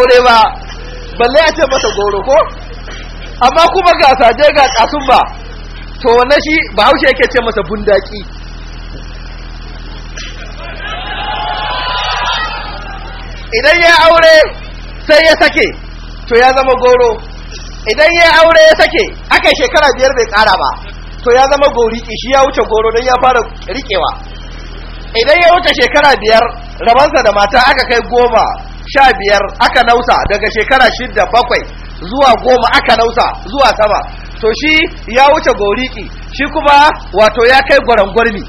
aure ba balle a ce masa goro ko amma kuma ga saje ga kasun ba to wannan shi ba haushe yake ce masa bundaki idan ya aure sai ya sake to ya zama goro idan ya aure ya sake aka shekara biyar bai kara ba to ya zama goriki shi ya wuce goro don ya fara rikewa idan ya wuce shekara biyar rabansa da mata aka kai goma sha biyar aka nausa daga shekara shidda bakwai zuwa goma aka nausa zuwa sama to shi ya wuce goriki shi kuma wato ya kai gwarangwarmi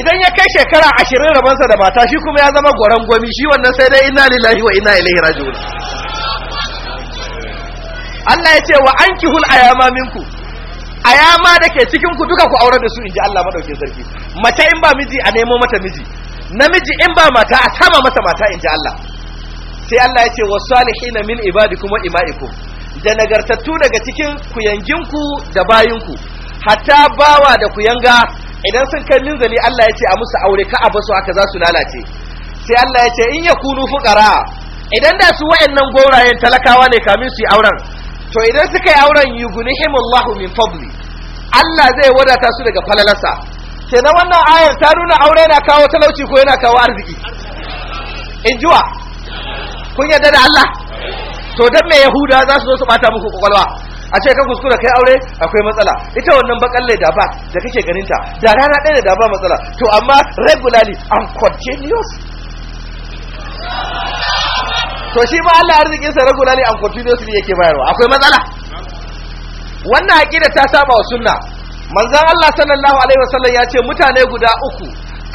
idan ya kai shekara ashirin rabansa da mata shi kuma ya zama gwarangwami shi wannan sai dai ina lillahi wa ina ilaihi raji'un Allah ya ce wa ankihul ayama minku ayama da ke cikinku duka ku aure da su ji Allah madauke zarfi mace in ba miji a nemo mata miji namiji in ba mata a sama masa mata in ji Allah sai Allah ya ce wa salihina min ibadikum wa ima'ikum da nagartattu daga cikin kuyanginku da bayinku hatta bawa da ku yanga. idan sun kai linzali Allah ya ce a musu aure ka abasu aka za su lalace sai Allah ya ce in yakunu fuqara idan da su wayannan gorayen talakawa ne kamin su yi auren to idan suka yi auren yugunihimullahu min fadli Allah zai wadata su daga falalasa na wannan ayar ta nuna aure na kawo talauci ko yana kawo arziki in jiwa kun yarda da Allah to dan me yahuda za su zo su bata muku kwakwalwa a ce ka kuskura kai aure akwai matsala ita wannan bakalle da ba da kake ganin ta da rana ɗaya da ba matsala to amma regularly and continuous to shi ba Allah arzikin sa regularly and ne yake bayarwa akwai matsala wannan aqida ta saba wa sunna Manzan Allah sallallahu alaihi wasallam ya ce mutane guda uku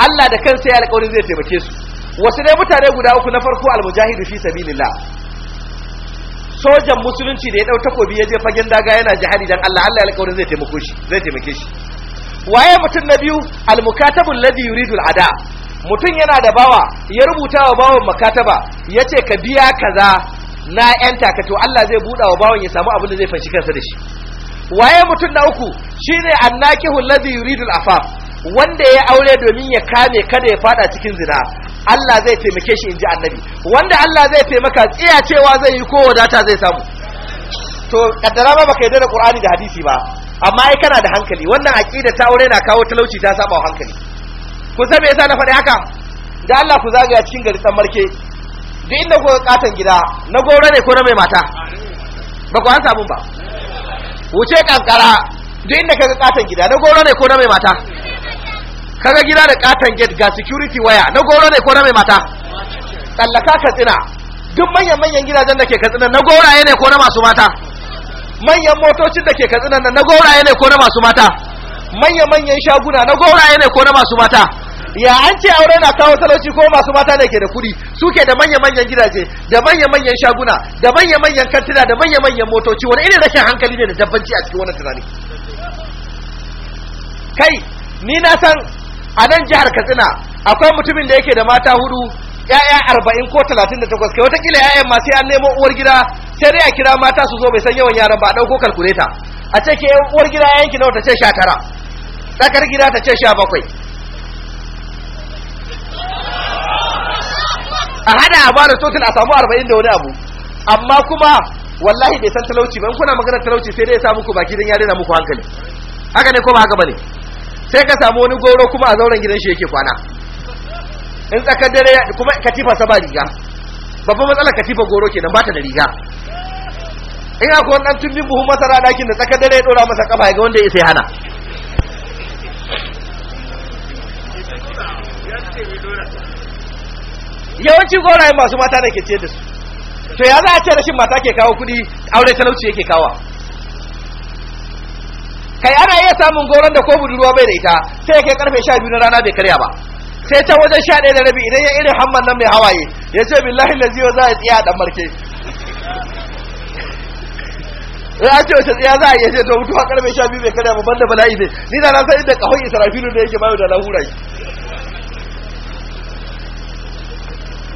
Allah da kansa ya alƙawarin zai taimake su wasu dai mutane guda uku na farko almujahidu fi sabilillah sojan musulunci da ya dau takobi ya je fagen daga yana jihadi dan Allah Allah ya alƙawarin zai taimake shi waye mutum na biyu almukatabun Ladi yuridu alada mutum yana da bawa ya rubuta wa bawan makataba ce ka biya kaza na yanta ka to Allah zai buɗa wa bawan ya samu abin da zai fanshi kansa da shi waye mutum na uku shine annakihu alladhi yuridu al-afaf wanda ya aure domin ya kame kada ya fada cikin zina Allah zai taimake shi inji annabi wanda Allah zai taimaka tsiya cewa zai yi ko wadata zai samu to kaddara ba baka yi da Qur'ani da hadisi ba amma ai kana da hankali wannan aqida ta aure na kawo talauci ta saba hankali ku san me yasa na faɗi haka da Allah ku zagaya cikin gari san marke duk inda ku katan gida na gore ne ko na mai mata ba ku an samu ba wuce kankara duk inda kaga katon gida na goro ne ko na mai mata kaga gida da katon gate ga security waya na goro ne ko na mai mata tsallaka katsina duk manyan manyan gidajen da ke katsina na goraye ne ko na masu mata manyan motocin da ke katsina na goraye ne ko na masu mata manyan manyan shaguna na goraye ne ko na masu mata ya an ce aure na kawo talauci ko masu mata da ke da kuɗi suke da manya-manyan gidaje da manya-manyan shaguna da manya-manyan kantina da manya-manyan motoci wani irin rashin hankali ne da dabbanci a cikin wannan tunani kai ni na san a nan jihar katsina akwai mutumin da yake da mata hudu ya'ya arba'in ko talatin da takwas kai kila ya'yan masu yan neman uwar gida sai dai a kira mata su zo bai san yawan yaran ba a ɗauko kalkuleta a ce ke uwar gida yanki nawa ta ce sha tara tsakar gida ta ce sha bakwai a hada a bada total a samu arba'in da wani abu amma kuma wallahi bai san talauci ba in kuna magana talauci sai dai ya sa muku baki dan ya daina muku hankali haka ne ko ba haka bane sai ka samu wani goro kuma a zauren gidan shi yake kwana in tsakar dare kuma katifa sa ba riga babban matsalar katifa goro kenan ba ta da riga in akwai wani dan tumbin buhun masara dakin da tsakar dare ya dora masa kafa ga wanda ya sai hana yawanci yin masu mata da ke ce da su to ya za a ce rashin mata ke kawo kuɗi aure talauci yake kawo kai ana iya samun goron da ko budurwa bai da ita sai kai karfe 12 na rana bai karya ba sai ta wajen 11 da rabi idan ya irin hamman nan mai hawaye ya ce billahi ziyo za a a ɗan marke ya ce wace tsaya za a iya ce to mutuwa karfe 12 bai karya ba banda bala'i ne ni da na san inda kahon israfilu da yake bayo da lahura shi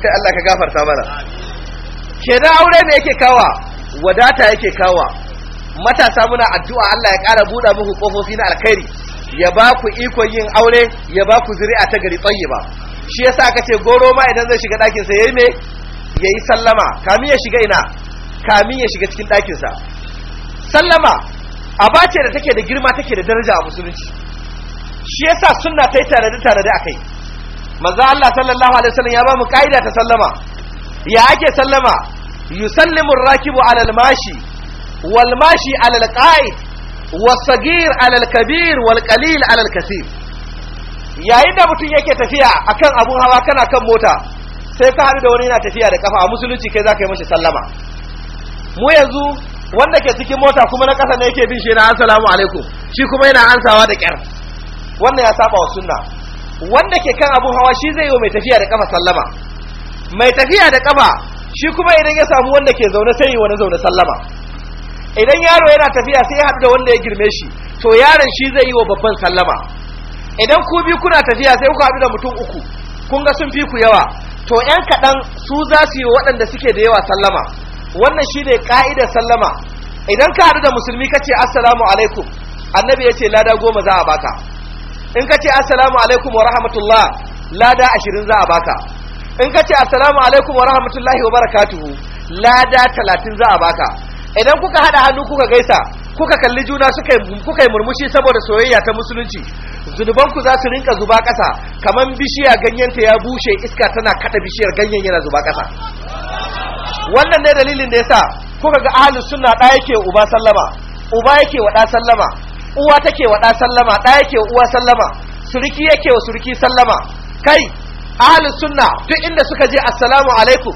kai Allah ka gafarta mana kenan aure ne yake kawa wadata yake kawa matasa muna addu'a Allah ya ƙara buɗa muku kofofi na alkhairi ya ba ku ikon yin aure ya ba ku zuri'a ta gari tsayyiba ba shi yasa aka ce goro ma idan zai shiga ɗakin sa yayi me yayi sallama kamin ya shiga ina kamin ya shiga cikin ɗakin sa sallama aba ce da take da girma take da daraja a musulunci shi yasa sunna ta yi tare da tare da akai manzo Allah sallallahu alaihi wasallam ya ba mu kaida ta sallama ya ake sallama yusallimu ar-rakibu ala al-mashi wal mashi ala al-qa'id ala al-kabir wal qalil ala al-kathir yayin da mutum yake tafiya akan abun hawa kana kan mota sai ka haɗu da wani yana tafiya da kafa a musulunci kai za ka yi mashi sallama mu yanzu wanda ke cikin mota kuma na ƙasa ne yake bin shi na assalamu alaikum shi kuma yana ansawa da ƙyar wannan ya saba wa sunna wanda ke kan abun hawa shi zai yi wa mai tafiya da kafa sallama mai tafiya da kafa shi kuma idan ya samu wanda ke zaune sai yi wani zaune sallama idan yaro yana tafiya sai ya haɗu da wanda ya girme shi to yaron shi zai yi wa babban sallama idan ku biyu kuna tafiya sai kuka haɗu da mutum uku kun ga sun fi ku yawa to ‘yan kaɗan su za su yi waɗanda suke da yawa sallama wannan shi ne ƙa'idar sallama idan ka haɗu da musulmi ka ce assalamu alaikum annabi ya ce lada goma za a baka in ka ce assalamu alaikum wa rahmatullah lada ashirin za a baka in ka ce assalamu alaikum wa rahmatullah wa barakatuhu lada talatin za a baka idan kuka haɗa hannu kuka gaisa kuka kalli juna kuka murmushi saboda soyayya ta musulunci zunuban ku za su rinka zuba kasa kamar bishiya ganyenta ya bushe iska tana kada bishiyar ganyen yana zuba ƙasa wannan ne dalilin da yasa kuka ga ahlus sunna ɗaya yake uba sallama uba yake wa ɗa sallama uwa take wa ɗa sallama ɗa yake wa uwa sallama surki yake wa surki sallama kai ahlus sunna duk inda suka je assalamu alaikum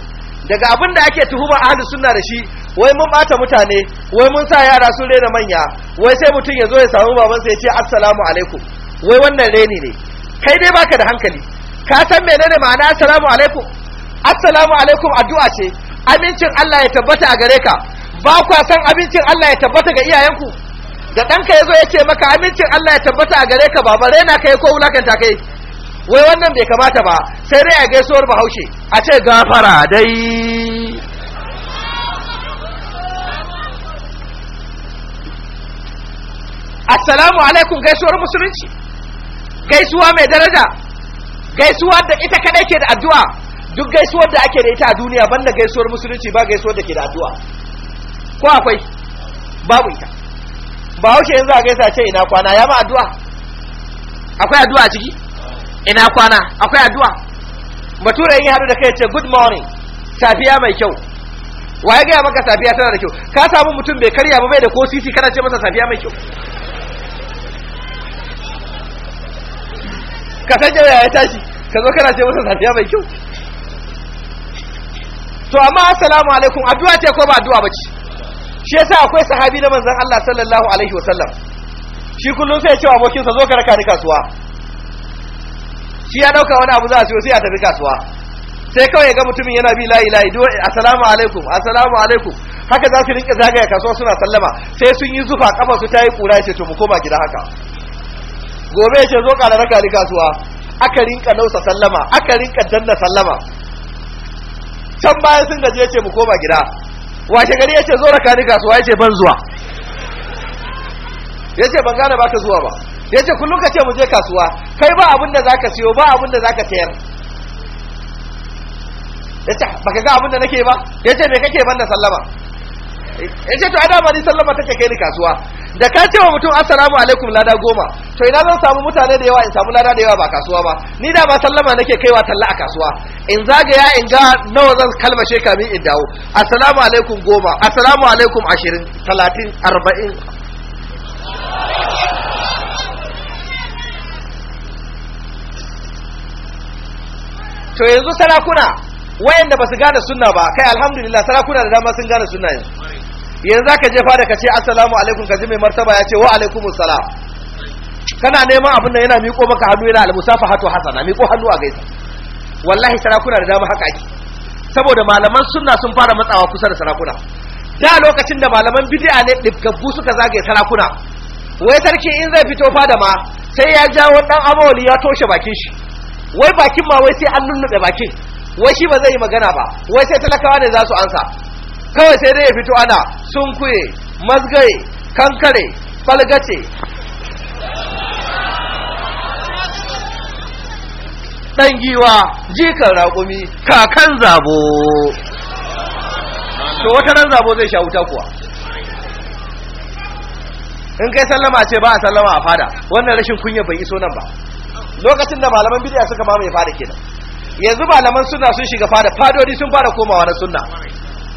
daga abin da ake tuhuma ahlus sunna da shi wai mun bata mutane wai mun sa yara su rena manya wai sai mutum ya zo ya samu babansa ya ce assalamu alaikum wai wannan reni ne kai dai baka da hankali ka san menene ma'ana assalamu alaikum assalamu alaikum addu'a ce abincin Allah ya tabbata a gare ka ba kwa san abincin Allah ya tabbata ga iyayenku da ɗanka ya zo ya ce maka amincin Allah ya tabbata a gare ka baba raina kai ko wulakanta kai wai wannan bai kamata ba sai dai a gaisuwar bahaushe a ce gafara dai assalamu alaikum gaisuwar musulunci gaisuwa mai daraja gaisuwa da ita kadai ke da addu'a duk gaisuwar da ake da ita a duniya banda gaisuwar musulunci ba gaisuwar da ke da addu'a ko akwai babu ita ba haushe yanzu a gaisa ce ina kwana ya ma addu'a akwai addu'a a ciki ina kwana akwai addu'a bature yin hadu da kai ce good morning safiya mai kyau waye gaya maka safiya tana da kyau ka samu mutum bai karya ba bai da ko sisi kana ce masa safiya mai kyau ka san jami'a ya tashi ka zo kana ce masa safiya mai kyau to amma assalamu alaikum addu'a ce ko ba addu'a ba ce shi yasa akwai sahabi na manzon Allah sallallahu alaihi wasallam shi kullum sai ya ce abokin sa zo ka raka ni kasuwa shi ya dauka wani abu za a siyo sai ya tafi kasuwa sai kawai ga mutumin yana bi la ilaha illallah assalamu alaikum assalamu alaikum haka za su rinka zagaya kasuwa suna sallama sai sun yi zufa kafa su tayi kura ya ce to mu koma gida haka gobe ya ce zo ka raka ni kasuwa aka rinka nausa sallama aka rinka danna sallama can bayan sun gaje ce mu koma gida washe gari ya ce zo raka ni kasuwa ya ce ban zuwa ya ce ban gane baka zuwa ba ya ce kullum ka ce mu je kasuwa kai ba abin da zaka siyo ba abin da zaka tayar ya ce baka ga abin da nake ba ya ce me kake ban da sallama ya ce to a ba ni sallama take kai ni kasuwa da ka ce wa mutum assalamu alaikum lada goma to ina zan samu mutane da yawa in samu lada da yawa ba kasuwa ba ni da ba sallama nake kaiwa talla a kasuwa in zagaya in ga nawa zan kalmashe min in dawo assalamu alaikum goma assalamu alaikum ashirin talatin arba'in to yanzu sarakuna wayanda ba su gane sunna ba kai alhamdulillah sarakuna da dama sun gane sunna yanzu yanzu ka jefa da ka ce assalamu alaikum ka ji mai martaba ya ce wa alaikumus salam kana neman abin da yana miƙo maka hannu yana almusafahatu hasana miƙo hannu a gaisa wallahi sarakuna da dama haka ake saboda malaman sunna sun fara matsawa kusa da sarakuna da lokacin da malaman bid'a ne dibgabbu suka zagaye sarakuna wai sarki in zai fito fada ma sai ya jawo dan amawali ya toshe bakin shi wai bakin ma wai sai an nunnube bakin wai shi ba zai yi magana ba wai sai talakawa ne za su ansa kawai sai dai ya fito ana kuye mazgaye kankare falgace ɗan giwa jikan raƙumi kakan zabo to wata ran zabo zai sha wuta kuwa in kai sallama ce ba a sallama a fada wannan rashin kunya bai iso nan ba lokacin da malaman bidiya suka mamaye fada kenan yanzu malaman suna sun shiga fada fadodi sun fara komawa na sunna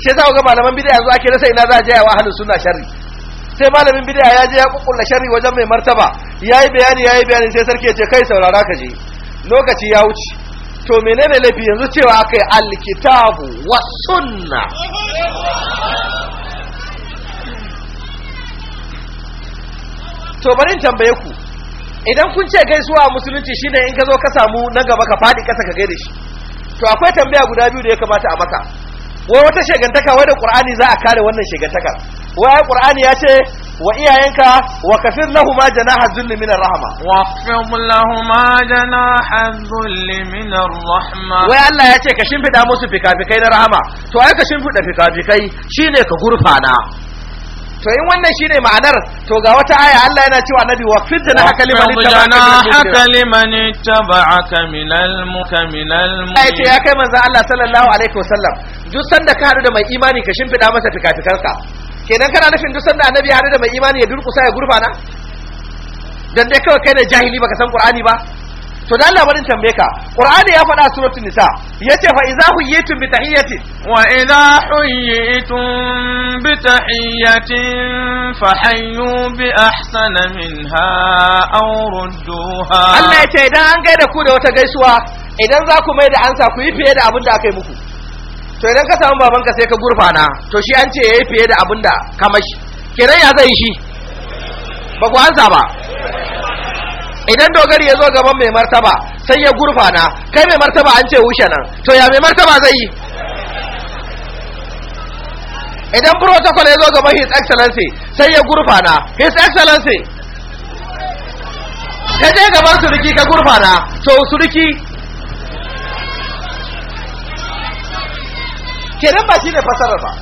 Sai za ku ga malaman bid'a yanzu ake rasa ina za a je wa ahlus sunna sai malamin bid'a ya je ya kukkulla sharri wajen mai martaba yayi bayani yayi bayani sai sarki ya ce kai saurara ka je lokaci ya wuce to menene laifi yanzu cewa yi alkitabu wa sunna to bari in tambaye ku idan kun ce gaisuwa a musulunci shine in ka zo ka samu na gaba ka faɗi kasa ka gaida shi to akwai tambaya guda biyu da ya kamata a maka wai wata shegantaka wai da qur'ani za a kare wannan shegantakar wai qur'ani ya ce wa iyayenka wa kafir ma janaha dhulli min rahma wa khfid lahuma janaha dhulli min rahma wai Allah ya ce ka shimfida musu fikafikai na rahama to ai ka shimfida fikafikai shine ka gurfana to in wannan shine ma'anar to ga wata aya Allah yana cewa nabi wa fidda na haka liman ittaba'aka minal mukamilal mu'min ce ya kai manzo Allah sallallahu alaihi wasallam duk sanda ka hadu da mai imani ka shimfida masa fikafikarka kenan kana nufin duk sanda annabi ya hadu da mai imani ya durkusa ya gurfana dan dai kawai kai ne jahili baka san qur'ani ba to da Allah barin tambaye ka Qur'ani ya faɗa suratul nisa yace fa idza huyitum bi tahiyatin wa idza huyitum bi tahiyatin fa hayyu bi ahsana minha aw rudduha Allah yace idan an gaida ku da wata gaisuwa idan za ku mai da ansa ku yi fiye da abin da aka yi muku to idan ka samu babanka sai ka gurfana to shi an ce yayi fiye da abin da kamashi, kiran ya zai shi ba ku ansa ba idan dogari ya zo gaban mai martaba sai ya gurfa na, kai mai martaba an ce wuce nan to ya mai martaba zai yi idan protocol ya zo gaban his excellency sai ya gurfa na, his excellency ka je gaban suruki ka gurfa na, to suriki kenan ba shi ne fasarar ba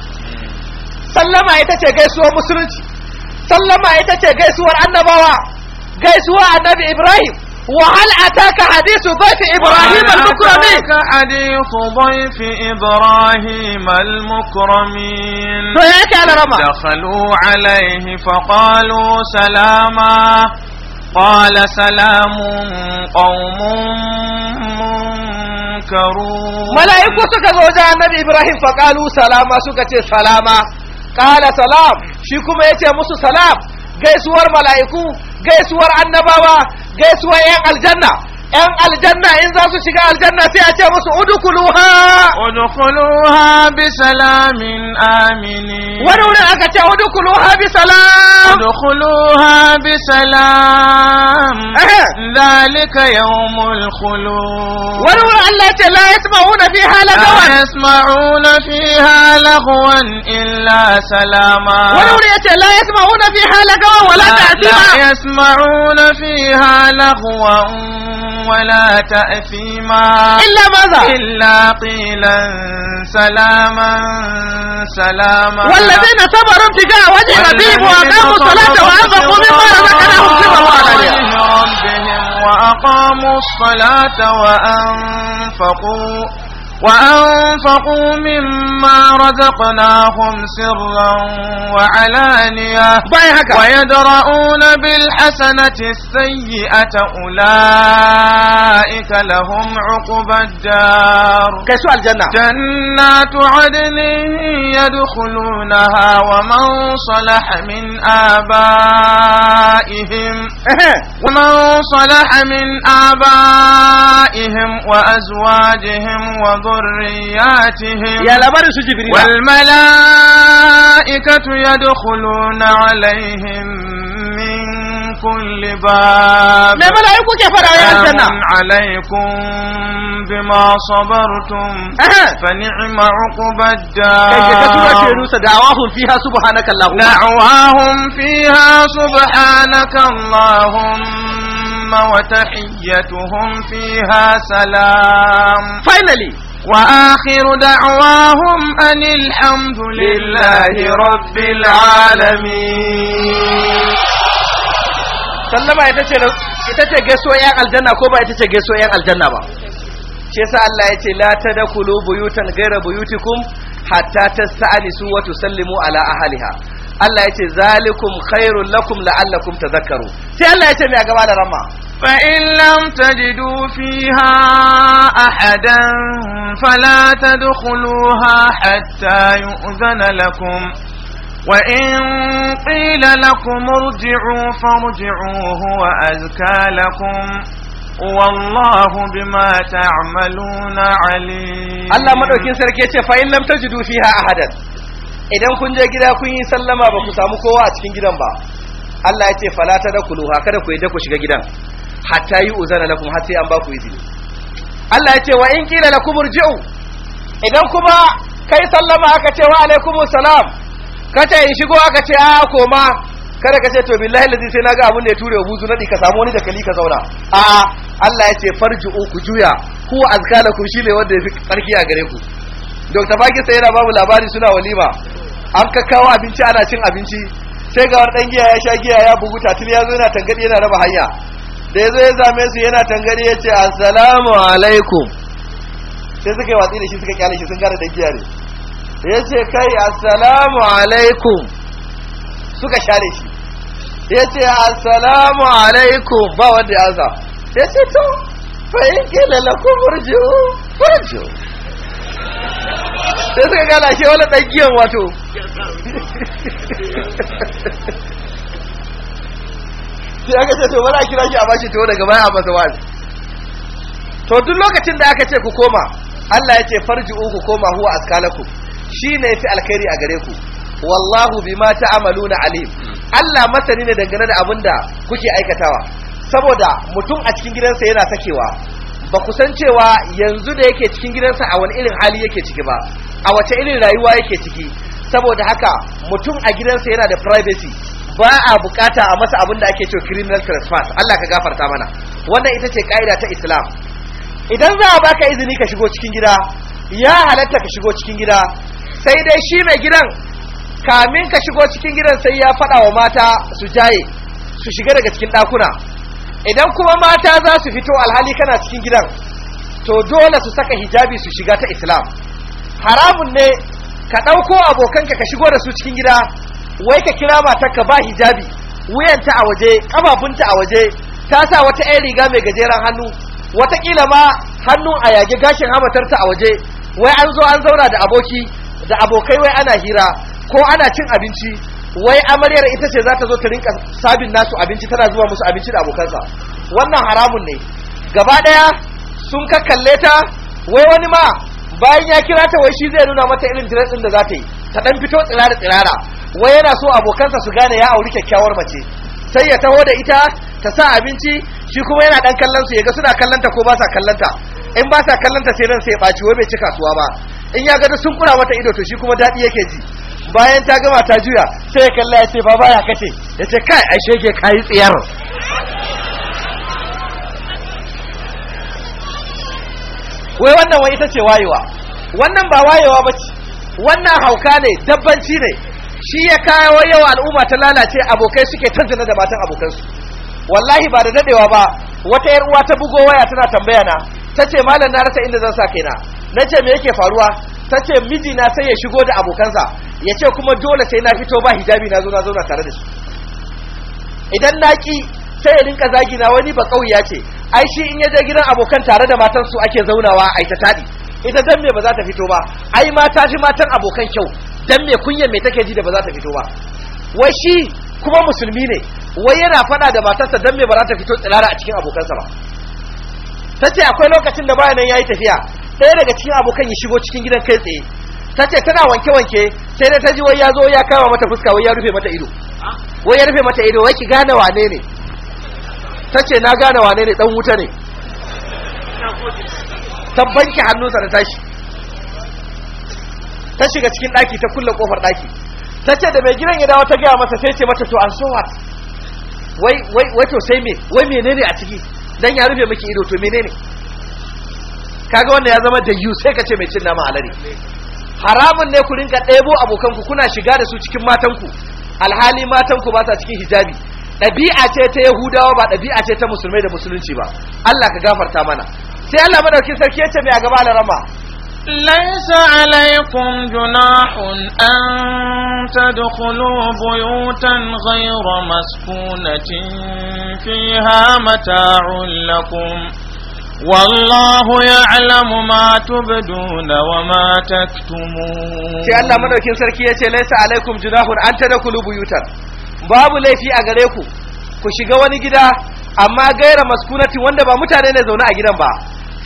sallama ita ce gaisuwar musulunci sallama ita ce gaisuwar annabawa هو who النبي إبراهيم وهل أتاك حديث ضيف إبراهيم المكرمين أتاك حديث ضيف إبراهيم المكرمين دخلوا عليه فقالوا سلاما قال سلام قوم منكرون ملائكة سكت النبي إبراهيم فقالوا سلاما سكت سلاما قال سلام شكما يتي مسو سلام gaisuwar mala'iku gaisuwar annabawa gaisuwar yan aljanna 'yan aljanna in za su shiga aljanna sai a ce musu udukuluha udukuluha bi salamin amini wani wurin aka ce udukuluha bi salam udukuluha bi salam zalika yawmul khulud wani wurin Allah ce la yasma'una fiha lagawan la yasma'una fiha lagawan illa salama wani wurin ya ce la yasma'una fiha lagawan wala ta'sima la yasma'una fiha lagawan ولا تأثيما إلا ماذا إلا قيلا سلاما سلاما والذين صبروا ابتغاء وجه ربهم وأقاموا الصلاة وأنفقوا مما رزقناهم سرا وعلانية وأقاموا الصلاة وأنفقوا وأنفقوا مما رزقناهم سرا وعلانيا ويدرؤون بالحسنة السيئة أولئك لهم عقب الدار كسوى الجنة جنات عدن يدخلونها ومن صلح من آبائهم إيه. ومن صلح من آبائهم وأزواجهم وضعهم ذرياتهم يا لبر جبريل والملائكة يدخلون عليهم من كل باب ما ملائكة كيف يا الجنة عليكم بما صبرتم فنعم عقب الدار دعواهم فيها سبحانك اللهم دعواهم فيها سبحانك اللهم وتحيتهم فيها سلام finally وآخر دعواهم أن الحمد لله رب العالمين sallama ita ce ita ce gaiso yan aljanna ko ba ita ce gaiso yan aljanna ba shi yasa Allah ya ce la tadkhulu buyutan ghayra buyutikum hatta tasta'nisu wa tusallimu ala ahliha Allah ya ce zalikum khairul lakum la'allakum tadhakkaru sai Allah ya ce me a gaba da rama فإن لم تجدوا فيها أحدا فلا تدخلوها حتى يؤذن لكم وإن قيل لكم ارجعوا فارجعوه وأزكى لكم والله بما تعملون عليم الله مدوكين سركي فإن لم تجدوا فيها أحدا idan kun je gida kun yi sallama ba ku samu kowa a cikin gidan ba Allah ya fala ta kada ku yadda ku shiga gidan hatta yi uzana lakum har sai an ba ku izini Allah ya ce wa in kila lakum jiu? idan kuma kai sallama aka ce wa alaikumus salam kace in shigo aka ce a ah, koma kada ka ce to billahi lazi sai naga abun da ya ture buzu nadi ka samu wani da kali ka zauna a Allah ya ce farji'u ku juya ku azkala ku ne wanda fi tsarki a gare ku Dr. Faki sai yana babu labari suna walima an kakkawo abinci ana cin abinci sai ga wani dan giya ya sha giya ya bugu tatil ya zo yana tangadi yana raba hanya da ya zo ya zame su yana tangari ya ce assalamu alaikum sai suka yi watsi da shi suka kyale shi sun kara dakiya ne ya ce kai assalamu alaikum suka share shi ya ce assalamu alaikum ba wanda ya za ya ce to fa'in kila lakum furji'u furji'u sai suka gala shi wani ɗan wato sai aka ce to bari a kira shi a bashi to daga baya a masa wa'azi to duk lokacin da aka ce ku koma Allah ya ce farji'u ku koma huwa Shi ne yafi alkhairi a gare ku wallahu bima ta'maluna alim Allah masani ne dangane da abinda kuke aikatawa saboda mutum a cikin gidansa yana sakewa ba ku san cewa yanzu da yake cikin gidansa a wani irin hali yake ciki ba a wace irin rayuwa yake ciki saboda haka mutum a gidansa yana da privacy ba a bukata a masa abin da ake cewa criminal trespass Allah ka gafarta mana wannan ita ce ka'ida ta Islam idan za a baka izini ka shigo cikin gida ya halatta ka shigo cikin gida sai dai shi mai gidan kamin ka shigo cikin gidan sai ya faɗa wa mata su jaye su shiga daga cikin ɗakuna idan kuma mata za su fito alhali kana cikin gidan to dole su saka hijabi su shiga ta Islam haramun ne ka ɗauko abokanka ka shigo da su cikin gida wai ka kira ka ba hijabi wuyanta a waje kafafunta a waje ta sa wata ɗan riga mai gajeren hannu watakila ma hannu a yage gashin hamatarta a waje wai an zo an zauna da aboki da abokai wai ana hira ko ana cin abinci wai amaryar ita ce za ta zo ta rinka sabin nasu abinci tana zuwa musu abinci da abokansa wannan haramun ne gaba ɗaya sun kakkalle ta wai wani ma bayan ya kira ta wai shi zai nuna mata irin dress din da za ta yi ta ɗan fito tsirara tsirara wai yana so abokansa su gane ya auri kyakkyawar mace sai ya taho da ita ta sa abinci shi kuma yana dan kallon su yaga suna kallanta ko ba sa kallanta in ba sa kallanta sai ran sai ya baci wai bai ci kasuwa ba in ya ga sun kura mata ido to shi kuma dadi yake ji bayan ta gama ta juya sai ya kalla ya ce ba baya kace ya ce kai ai shege kai tsiyar wai wannan wai ita ce wayewa wannan ba wayewa bace wannan hauka ne dabbanci ne shi ya kawo yawa al'umma ta lalace abokai suke tanzana da matan abokansu wallahi ba da dadewa ba wata yar uwa ta bugo waya tana tambaya na tace malam na rasa inda zan sa kaina nace me yake faruwa tace miji na sai ya shigo da abokansa yace kuma dole sai na fito ba hijabi na zo na zauna tare da shi idan naki sai ya rinka zagi na wani ba kauya ce ai shi in ya je gidan abokan tare da matansu ake zaunawa ai ta tadi ita dan me ba za ta fito ba ai mata shi matan abokan kyau dan me kunya mai take ji da ba za ta fito ba wai shi kuma musulmi ne wai yana fada da matarsa dan me ba za ta fito tsirara a cikin abokansa ba tace akwai lokacin da bayan nan ya tafiya ɗaya daga cikin abokan ya shigo cikin gidan kai tsaye ta ce tana wanke-wanke sai dai ta ji wai ya zo ya kama mata fuska wai ya rufe mata ido wai ya rufe mata ido wai ki gane wane ne ta na gane wane ne dan wuta ne tabbanki hannunsa da tashi ta shiga cikin ɗaki ta kulle kofar ɗaki ta ce da mai gidan ya dawo ta gaya masa sai ce mata to an so what wai wai wai to sai me wai menene a ciki dan ya rufe miki ido to menene kaga wanda ya zama da yu sai ka ce mai cin nama alare. haramun ne ku rinka ɗebo abokanku kuna shiga da su cikin matanku alhali matanku ba sa cikin hijabi ɗabi'a ce ta yahudawa ba ɗabi'a ce ta musulmai da musulunci ba allah ka gafarta mana sai allah madaukin sarki ya ce mai a gaba da rama ليس عليكم جناح أن تدخلوا بيوتا غير مسكونة فيها متاع لكم والله يعلم ما تبدون وما تكتمون شاء الله من أكين سركية ليس عليكم جناح أن تدخلوا بيوتا باب ليفي أغريكو كشغواني جدا أما غير مسكونة وندبا متعنين زونا أجرا با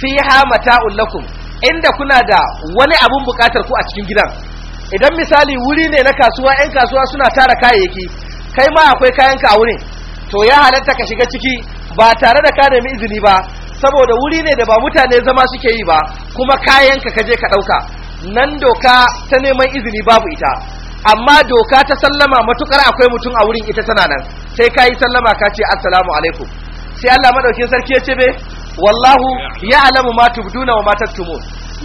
فيها متاع لكم inda kuna da wani abun bukatar ku a cikin gidan idan misali wuri ne na kasuwa 'yan kasuwa suna tara kayayyaki kai ma akwai kayanka a wurin to ya halatta ka shiga ciki ba tare da ka nemi izini ba saboda wuri ne da ba mutane zama suke yi ba kuma kayanka ka je ka ɗauka nan doka ta neman izini babu ita amma doka ta sallama matukar akwai mutum a wurin ita tana nan sai ka yi sallama ka ce assalamu alaikum sai Allah madaukin sarki ya ce be wallahu ya ma tubduna wa ma tattumu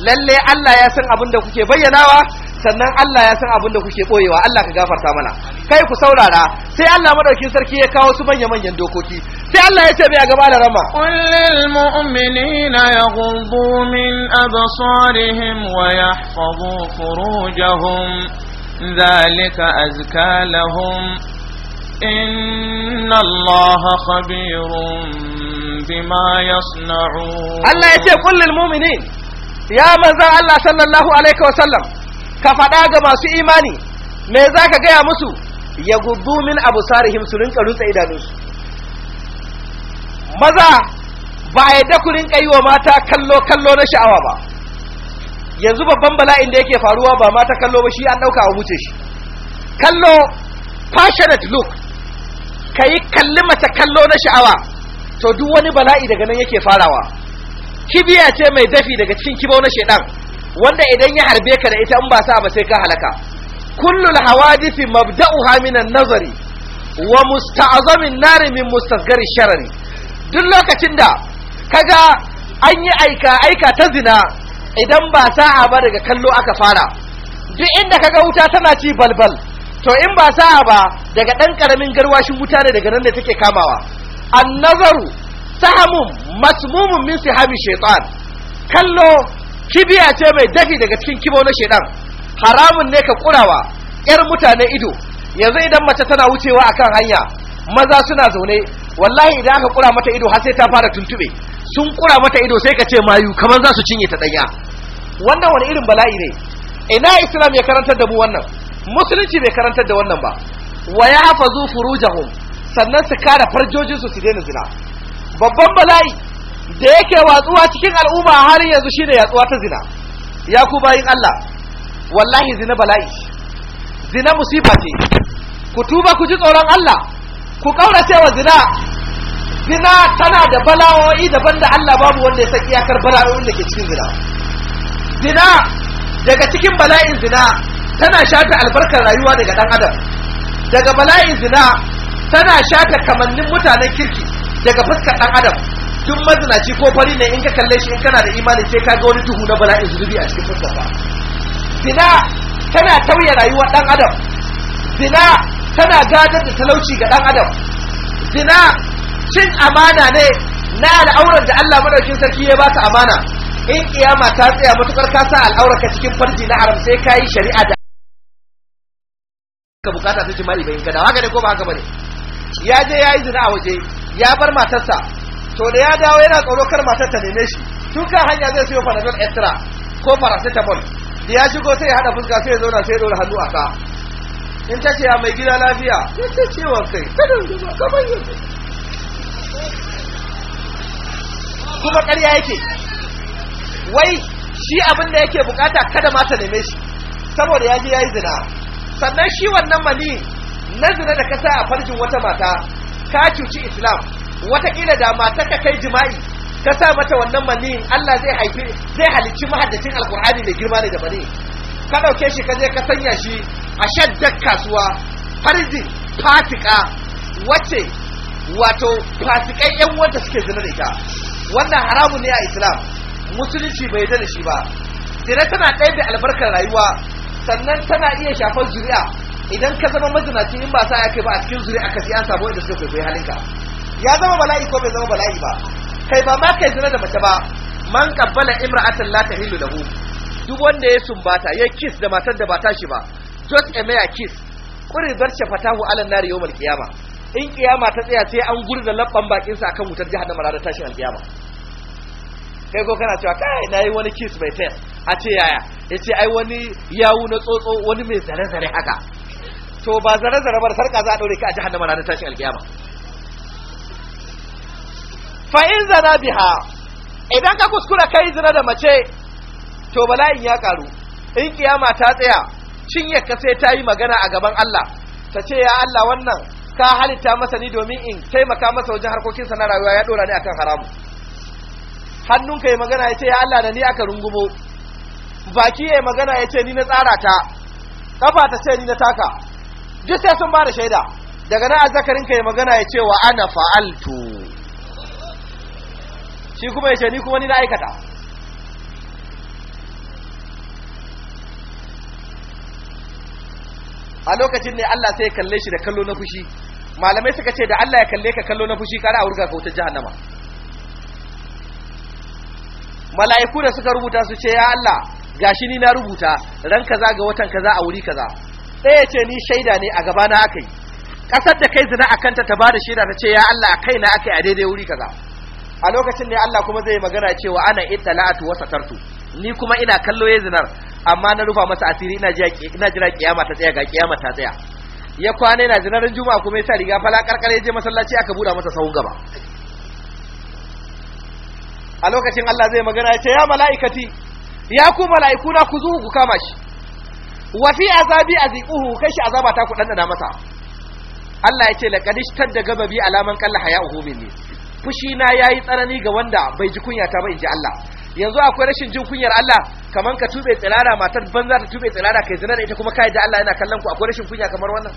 lalle Allah ya san abin da kuke bayyanawa sannan Allah ya san abin da kuke boyewa Allah ka gafarta mana kai ku saurara sai Allah madaukin sarki ya kawo su manya manyan dokoki sai Allah ya ce mai a gaba da rama kullil mu'minina yaghuddu min absarihim wa yahfazu furujahum zalika azka lahum إن الله خبير بما يصنعون الله يتي كل المؤمنين يا Allah sallallahu alaihi wa sallam ka كفدا ga masu imani me zaka gaya musu ya guddu min abusarihim su rinka rutsa idanunsu maza ba a yadda ku rinka yi wa mata kallo kallo na sha'awa ba yanzu babban bala'in da yake faruwa ba mata kallo ba shi an dauka a wuce shi kallo passionate look ka yi kalli mace kallo na sha'awa to duk wani bala'i daga nan yake farawa kibiya ce mai dafi daga cikin kibau na shaidan wanda idan ya harbe ka da ita in ba sa ba sai ka halaka kullul hawadisi mabda'uha an nazari wa musta'azamin nar min mustasgari sharari duk lokacin da kaga an yi aika aika ta zina idan ba sa'a ba daga kallo aka fara duk inda kaga wuta tana ci balbal to in ba sa'a ba daga ɗan ƙaramin garwashin wuta ne daga nan da take kamawa an nazaru sahamun masmumun min sihami shaitan kallo kibiya ce mai dafi daga cikin kibo na shaitan haramun ne ka kurawa yar mutane ido yanzu idan mace tana wucewa a kan hanya maza suna zaune wallahi idan aka kura mata ido har sai ta fara tuntube sun ƙura mata ido sai ka ce mayu kamar za su cinye ta danya wannan wani irin bala'i ne ina islam ya karantar da mu wannan musulunci bai karantar da wannan ba wa ya hafa hafazu furujahum sannan su kada farjojin su su daina zina babban bala'i da yake watsuwa cikin al'umma a halin yanzu shine yatsuwa ta zina ya ku bayin Allah wallahi zina bala'i zina musiba ce ku tuba ku ji tsoron Allah ku kaurace wa zina zina tana da bala'o'i daban da Allah babu wanda ya san iyakar bala'o'in da ke cikin zina zina daga cikin bala'in zina tana shafe albarkar rayuwa daga dan adam daga bala'in zina tana shafe kamannin mutanen kirki daga fuskar dan adam tun mazinaci ko fari ne in ka kalle shi in kana da imani sai ka ga wani duhu na bala'in zunubi a cikin fuskar ba zina tana tauye rayuwar dan adam zina tana gadar da talauci ga dan adam zina cin amana ne na al'aurar da Allah madaukin sarki ya baka amana in kiyama ta tsaya matukar ka sa al'aurar ka cikin farji na haram sai ka shari'a da ka bukata ta jima'i bai gada haka ne ko ba haka bane ya je ya yi zina a waje ya bar matarsa to da ya dawo yana tsoro kar matar ta neme shi duka hanya zai sayo panadol extra ko paracetamol da ya shigo sai ya hada fuska sai ya zauna sai ya dora hannu a ka in ta ce ya mai gida lafiya ya ce ciwon kai kada kamar yanzu kuma ƙarya yake wai shi abin da yake bukata kada ma ta neme shi saboda ya je ya yi zina sannan shi wannan mali na zina da kasa a farjin wata mata ka cuci islam watakila da mata ka kai jima'i ka sa mata wannan mali Allah zai haifi zai halicci mahaddacin alkur'ani mai girma ne da mali ka dauke shi ka je ka sanya shi a shaddar kasuwa farjin fatika wacce wato fasikai yan wanda suke zina da ita wannan haramun ne a islam musulunci bai da shi ba zina tana ɗaya da albarkar rayuwa sannan tana iya shafar zuri'a idan ka zama mazinaci in ba sa ya kai ba a cikin zuri'a ka siya an samu inda suka kwaikwayi halinka ya zama bala'i ko bai zama bala'i ba kai ba ma kai zina da mace ba man kabbala imra'atan la tahillu lahu duk wanda ya sumbata ya kiss da matar da ba ta shi ba just a mere kiss ce fatahu ala nari yawmal qiyama in ƙiyama ta tsaya sai an gurza labban bakin sa akan wutar jahannama ranar tashin alkiyama kai ko kana cewa kai nayi wani kiss bai test a ce yaya ya ce ai wani yawu na tsotso wani mai zare-zare haka to ba zare-zare ba da sarka za a ɗaure ka a da mara na tashin alkiyama fa'in zana biha idan ka kuskura kai zina da mace to bala'in ya karu in kiyama ta tsaya cin ka sai ta yi magana a gaban Allah ta ce ya Allah wannan ka halitta masa ni domin in taimaka masa wajen harkokinsa na rayuwa ya dora ni akan haramu hannunka yi magana ya ce ya Allah da ni aka rungumo baki ya magana ya ce ni na tsara ta kafa ta ce ni na taka duk sai sun ba shaida daga nan azzakarin ka ya magana ya ce wa ana fa'altu shi kuma ya ce ni kuma ni na aikata a lokacin ne Allah sai ya kalle shi da kallo na fushi malamai suka ce da Allah ya kalle ka kallo na fushi kana a wurga ka wutar jahannama mala'iku da suka rubuta su ce ya Allah gashi ni na rubuta ran kaza ga watan kaza a wuri kaza sai ya ce ni shaida ne a gaba na aka kasar da kai zina a kanta ta bada shaida ta ce ya Allah kaina aka a daidai wuri kaza a lokacin ne Allah kuma zai magana cewa ana ittala'atu wa satartu ni kuma ina kallo ya zinar amma na rufa masa asiri ina jira ina jira kiyama ta tsaya ga kiyama ta tsaya ya kwana yana zinarin juma'a kuma ya sa riga fala karkar ya masallaci aka buda masa sahun gaba a lokacin Allah zai magana ya ce ya mala'ikati ya ku mala'iku na ku zuhu ku kama shi wa fi azabi aziquhu kai shi azaba ta ku ɗanɗana masa Allah yake laqad da gababi alaman qalla min ne. fushi na yayi tsanani ga wanda bai ji kunya ta ba inji Allah yanzu akwai rashin jin kunyar Allah kaman ka tube tsirara matar banza ta tube tsirara kai zina da ita kuma kai da Allah yana kallon ku akwai rashin kunya kamar wannan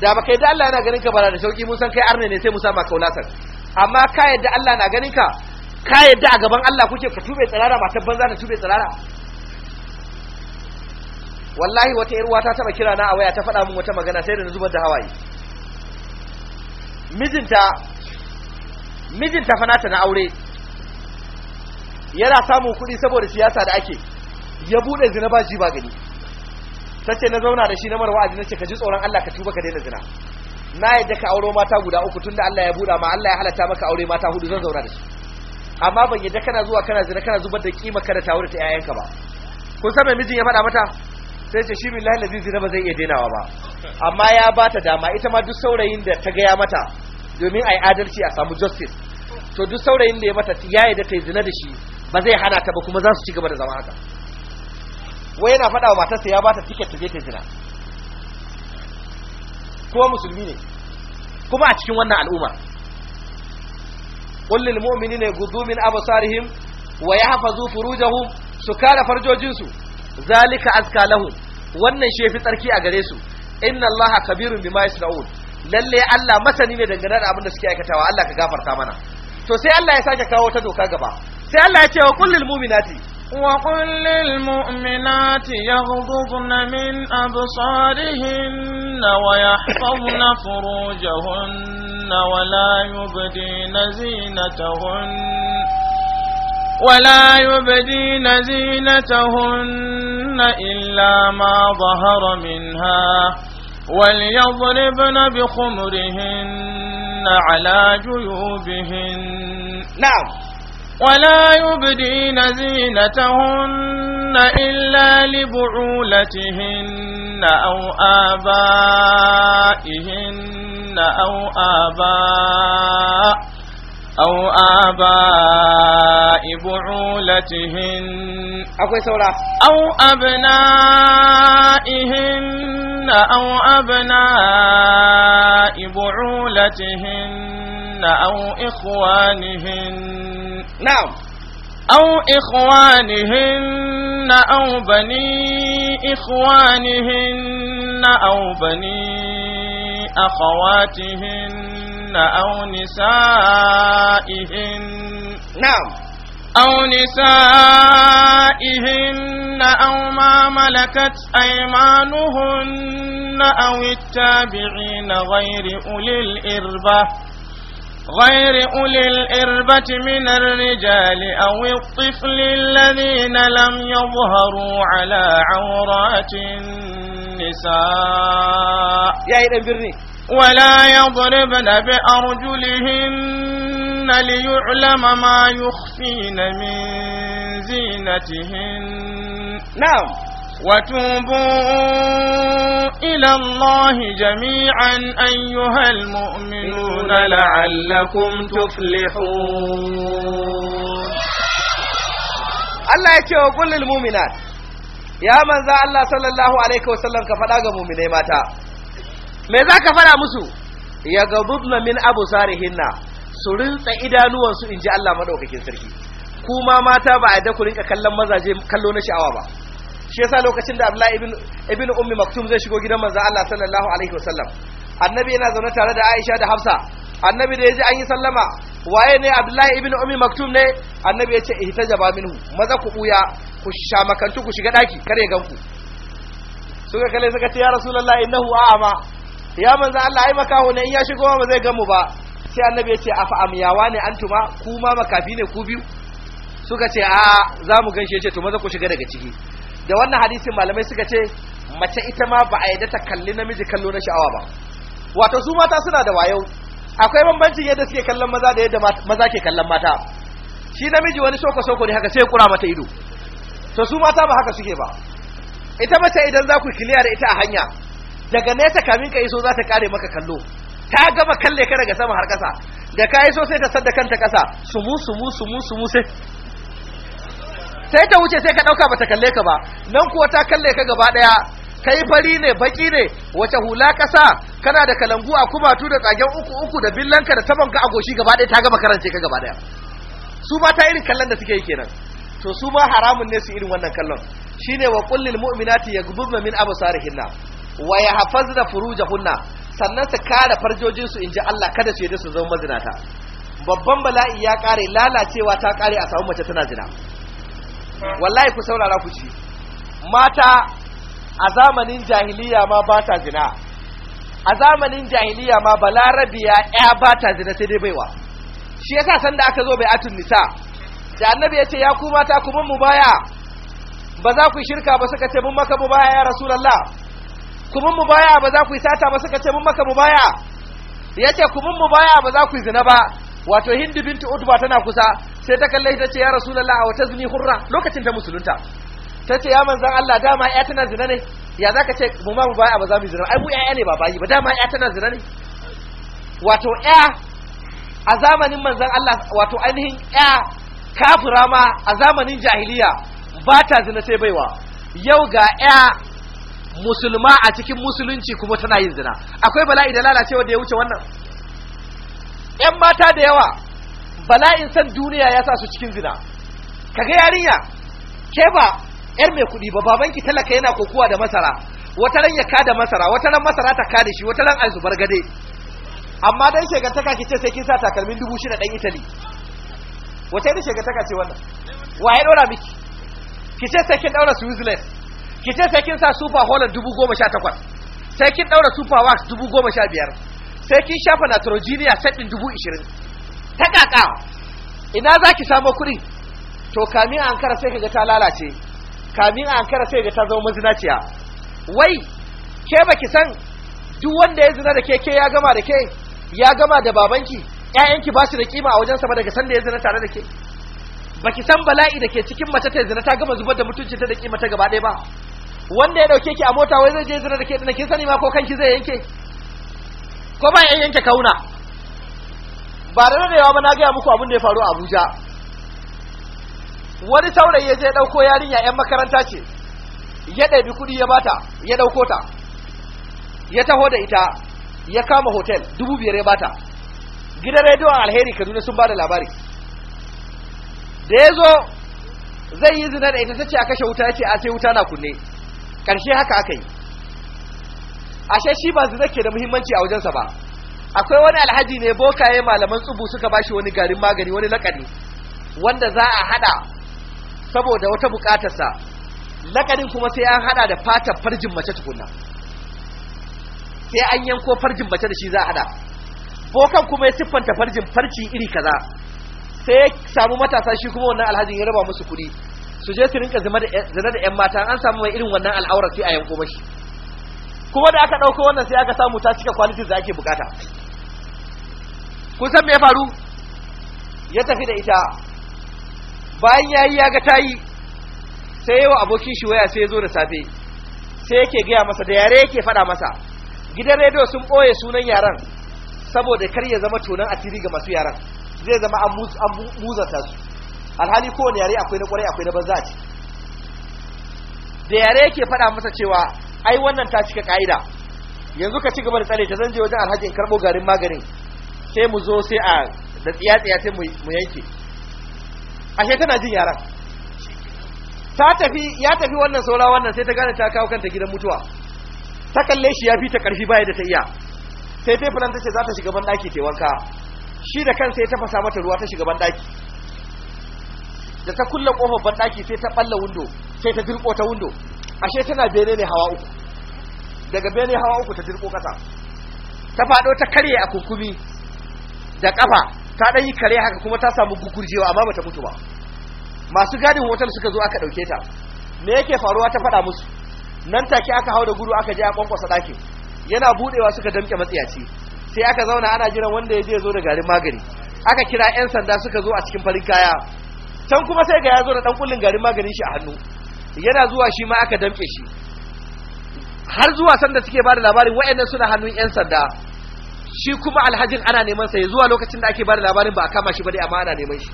da ba kai da Allah yana ganin ka bara da sauki mun san kai arne ne sai mu sa ma kaulatar amma kai da Allah na ganin ka ka yadda a gaban Allah kuke ka tube tsirara ba tabban za ta tube tsirara wallahi wata yarwa ta taba kira na a waya ta faɗa min wata magana sai da na zubar da hawaye mijinta mijinta fa ta na aure yana samun kuɗi saboda siyasa da ake ya buɗe zina ba ji ba gani ta ce na zauna da shi na marwa na ce ka ji tsoron Allah ka tuba ka daina zina na yadda ka auro mata guda uku tunda Allah ya buɗa ma Allah ya halatta maka aure mata hudu zan zauna da shi amma ban yadda kana zuwa kana zina kana zubar da kima kana ta wurin ta yayanka ba kun san mai mijin ya faɗa mata sai ce shi billahi lazi zina ba zai iya dainawa ba amma ya ba ta dama ita ma duk saurayin da ta gaya mata domin a yi adalci a samu justice to duk saurayin da ya mata ya yadda ta zina da shi ba zai hana ta ba kuma za su ci gaba da zama haka wai yana faɗa wa matarsa ya ba ta tiket ta je ta zina ko musulmi ne kuma a cikin wannan al'umma qul lil mu'minina yaghuddu min absarihim wa yahfazu furujahum su kare farjojin su zalika azka lahum wannan fi tsarki a gare su inna allaha kabirun bima yasnaun lalle Allah masani ne dangane da abin da suke aikatawa Allah ka gafarta mana to sai Allah ya sake kawo ta doka gaba sai Allah ya ce wa kullil mu'minati وقل للمؤمنات يغضضن من أبصارهن ويحفظن فروجهن ولا يبدين زينتهن ولا يبدين زينتهن إلا ما ظهر منها وليضربن بخمرهن على جيوبهن نعم ولا يبدين زينتهن إلا لبعولتهن أو آبائهن أو آباء أو آباء بعولتهن أكوي سورة أو أبنائهن أو أبناء بعولتهن أو إخوانهن نعم أو إخوانهن أو بني إخوانهن أو بني أخواتهن أو نسائهن نعم أو نسائهن أو ما ملكت أيمانهن أو التابعين غير أولي الإربة غير أولي الإربة من الرجال أو الطفل الذين لم يظهروا على عورات النساء ولا يضربن بأرجلهن ليعلم ما يخفين من زينتهن نعم وتوبوا إلى الله جميعا أيها المؤمنون لعلكم تفلحون Allah ya ce wa kullul muminat ya manza Allah sallallahu alaihi wasallam ka faɗa ga muminai mata me za ka faɗa musu ya gabudna min abu sarihinna su rintsa idanuwansu in ji Allah maɗaukakin sarki kuma mata ba a da ku rinka kallon mazaje kallo na sha'awa ba shi yasa lokacin da Abdullahi ibn ibn Ummi Maktum zai shigo gidan manzon Allah sallallahu alaihi wasallam annabi yana zaune tare da Aisha da Hafsa annabi da yaji an yi sallama waye ne Abdullahi ibn Ummi Maktum ne annabi yace ihtajaba minhu maza ku buya ku makantu ku shiga daki kare ganku suka kale suka ce ya Rasulullahi innahu a'ama ya manzon Allah ai makaho ne in ya shigo ba zai gamu ba sai annabi ya ce a afa amyawa ne antuma ku ma makafi ne ku biyu suka ce a za mu ganshe ce to maza ku shiga daga ciki da wannan hadisin malamai suka ce mace ita ma ba a yadda ta kalli namiji kallo na sha'awa ba wato su mata suna da wayo akwai bambancin yadda suke kallon maza da yadda maza ke kallon mata shi namiji wani soko soko ne haka sai kura mata ido to su mata ba haka suke ba ita mace idan za ku kiliya da ita a hanya daga nesa kamin ka iso za ta kare maka kallo ta gama kalle ka daga sama har ƙasa da ka so sai ta sadda kanta kasa sumu sumu sumu sumu sai sai ta wuce sai ka ɗauka ba ta kalle ka ba nan kuwa ta kalle ka gaba ɗaya kai fari ne baki ne wace hula kasa kana da kalangu a kumatu da tsagen uku uku da billanka da tabanka a goshi gaba ɗaya ta gama karance ka gaba daya su ba ta irin kallon da suke yi kenan to su ba haramun ne su irin wannan kallon shine wa kullil mu'minati yaghdudna min absarihinna wa yahfazna furujahunna sannan su kare farjojinsu in ji Allah kada su yi su zama mazinata babban bala'i ya kare lalacewa ta kare a samu mace tana zina wallahi ku saurara ku ci mata a zamanin jahiliya ma ba ta zina a zamanin jahiliya ma balarabiya ya ba ta zina sai dai baiwa shi yasa da aka zo bai atun nisa da annabi ya ce ya ku mata ku mu baya ba za ku shirka ba suka ce mun maka mu baya ya rasulullah ku mun mubaya ba za ku yi sata ba suka ce mun maka mubaya yace ku mun mubaya ba za ku yi zina ba wato hindu bintu udba tana kusa sai ta kalle ta ce ya rasulullah a wata zini hurra lokacin ta musulunta ta ce ya manzan Allah dama ya tana zina ne ya za ka ce mu ma mu baya ba za mu zina ai mu yaya ne ba bayi ba dama ya tana zina ne wato ƴa a zamanin manzan Allah wato ainihin ƴa kafura ma a zamanin jahiliya ba ta zina sai baiwa yau ga ƴa musulma a cikin musulunci kuma tana yin zina akwai bala'i da lalacewa da ya wuce wannan yan mata da yawa bala'in san duniya ya sa su cikin zina kaga yarinya ke ba yar mai kuɗi ba babanki talaka yana kokuwa da masara wata ran ya kada masara wata ran masara ta kada shi wata ran ai zubar gade amma dan shegantaka kice sai kin sa takalmin dubu shida dan Italy wata irin shegantaka ce wannan waye dora miki kice sai kin daura Switzerland ki ce sai kin sa super holar dubu goma sha sai kin ɗaura super wax dubu goma sha biyar sai kin shafa nitrogenia saɗin dubu ishirin ta ƙaƙa ina za ki samo kuɗi to kamin a ankara sai kaga ta lalace kamin a ankara sai kaga ta zama mazinaciya wai ke baki san duk wanda ya zina da ke ke ya gama da ke ya gama da babanki ƴaƴanki ba su da kima a wajensa ba daga da ya zina tare da ke baki san bala'i da ke cikin mace ta zina ta gama zubar da mutunci ta da kima ta gaba ɗaya ba wanda ya dauke ki a mota wai zai je zira da ke da kin sani ma ko kanki zai yanke ko ba ya yanke kauna ba da dadewa ba na gaya muku abin da ya faru a Abuja wani saurayi ya je dauko yarinya yan makaranta ce ya bi kudi ya bata ya dauko ta ya taho da ita ya kama hotel dubu biyar ya bata gidan rediyon alheri kaduna sun bada labari da ya zo zai yi zina da ita ta ce a kashe wuta ya ce a sai wuta na kunne ƙarshe haka aka yi ashe shi ba zai ke da muhimmanci a wajensa ba akwai wani alhaji ne bokaye malaman tsubu suka ba shi wani garin magani wani lakani wanda za a hada saboda wata bukatarsa lakanin kuma sai an hada da fatar farjin mace tukunna sai an yanko farjin mace da shi za a hada bokan kuma ya siffanta farjin farci iri kaza sai ya samu matasa shi kuma wannan alhajin ya raba musu kuɗi su je su rinka zina da yan mata an samu mai irin wannan al'aura sai a yanko mashi kuma da aka ɗauko wannan sai aka samu ta cika kwalitin da ake bukata kun san me faru ya tafi da ita bayan ya yi ya ga ta sai yawa abokin shi waya sai ya zo da safe sai yake gaya masa da yare yake faɗa masa gidan rediyo sun ɓoye sunan yaran saboda kar ya zama tunan asiri ga masu yaren zai zama an muzata su alhali kowane yare akwai na kwarai akwai na banza a da yare yake faɗa masa cewa ai wannan ta cika ka'ida yanzu ka ci gaba da tsare ta zan je wajen alhaji in karɓo garin maganin sai mu zo sai a da tsiya sai mu yanke ashe tana jin yaran ta tafi ya tafi wannan saura wannan sai ta gane ta kawo kanta gidan mutuwa ta kalle shi ya fi ta karfi baya da ta iya sai ta fulanta ce za ta shiga ban daki ta wanka shi da kan sai ya tafasa mata ruwa ta shiga ban daki da ta kulle kofar banɗaki sai ta ɓalla wundo sai ta dirko ta wundo ashe tana bene ne hawa uku daga bene hawa uku ta dirko ƙasa ta faɗo ta karye a kunkumi da ƙafa ta ɗan yi kare haka kuma ta samu gugurjewa amma ba ta mutu ba masu gadin hotel suka zo aka ɗauke ta me yake faruwa ta faɗa musu nan take aka hau da gudu aka je a ƙwanƙwasa ɗakin yana buɗewa suka damƙe matsiyaci sai aka zauna ana jiran wanda ya je zo da garin magani aka kira yan sanda suka zo a cikin farin kaya can kuma sai ga ya da ɗan ƙullin garin maganin shi a hannu yana zuwa shi ma aka damke shi har zuwa sanda suke ba da labarin wa'annan suna hannun 'yan sanda shi kuma alhajin ana neman sa ya zuwa lokacin da ake ba da labarin ba a kama shi ba dai amma ana neman shi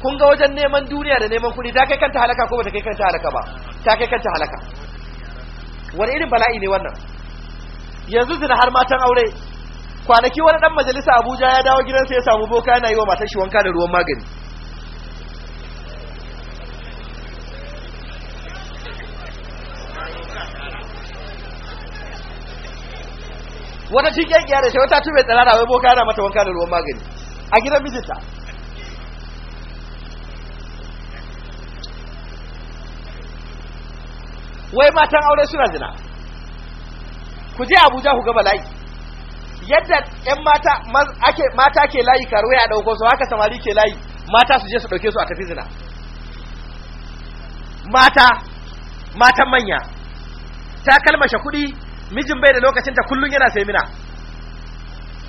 kun ga wajen neman duniya da neman kuɗi ta kai kanta halaka ko ba ta kai kanta halaka ba ta kai kanta halaka wani irin bala'i ne wannan yanzu zina har matan aure kwanaki wani dan majalisa abuja ya dawo gidansa ya samu boka yana yi wa matar shi wanka da ruwan magani wata shi kyakiya da shawarta wata mai tsirara wai boka yana mata wanka da ruwan magani a gidan mijinta wai matan aure suna zina ku je abuja ku ga bala'i yadda yan mata ake mata ke layi karuwa ya dauko su haka samari ke layi mata su je su dauke su a tafi zina mata matan manya ta kalmashe kuɗi mijin bai da lokacin ta kullun yana sai mina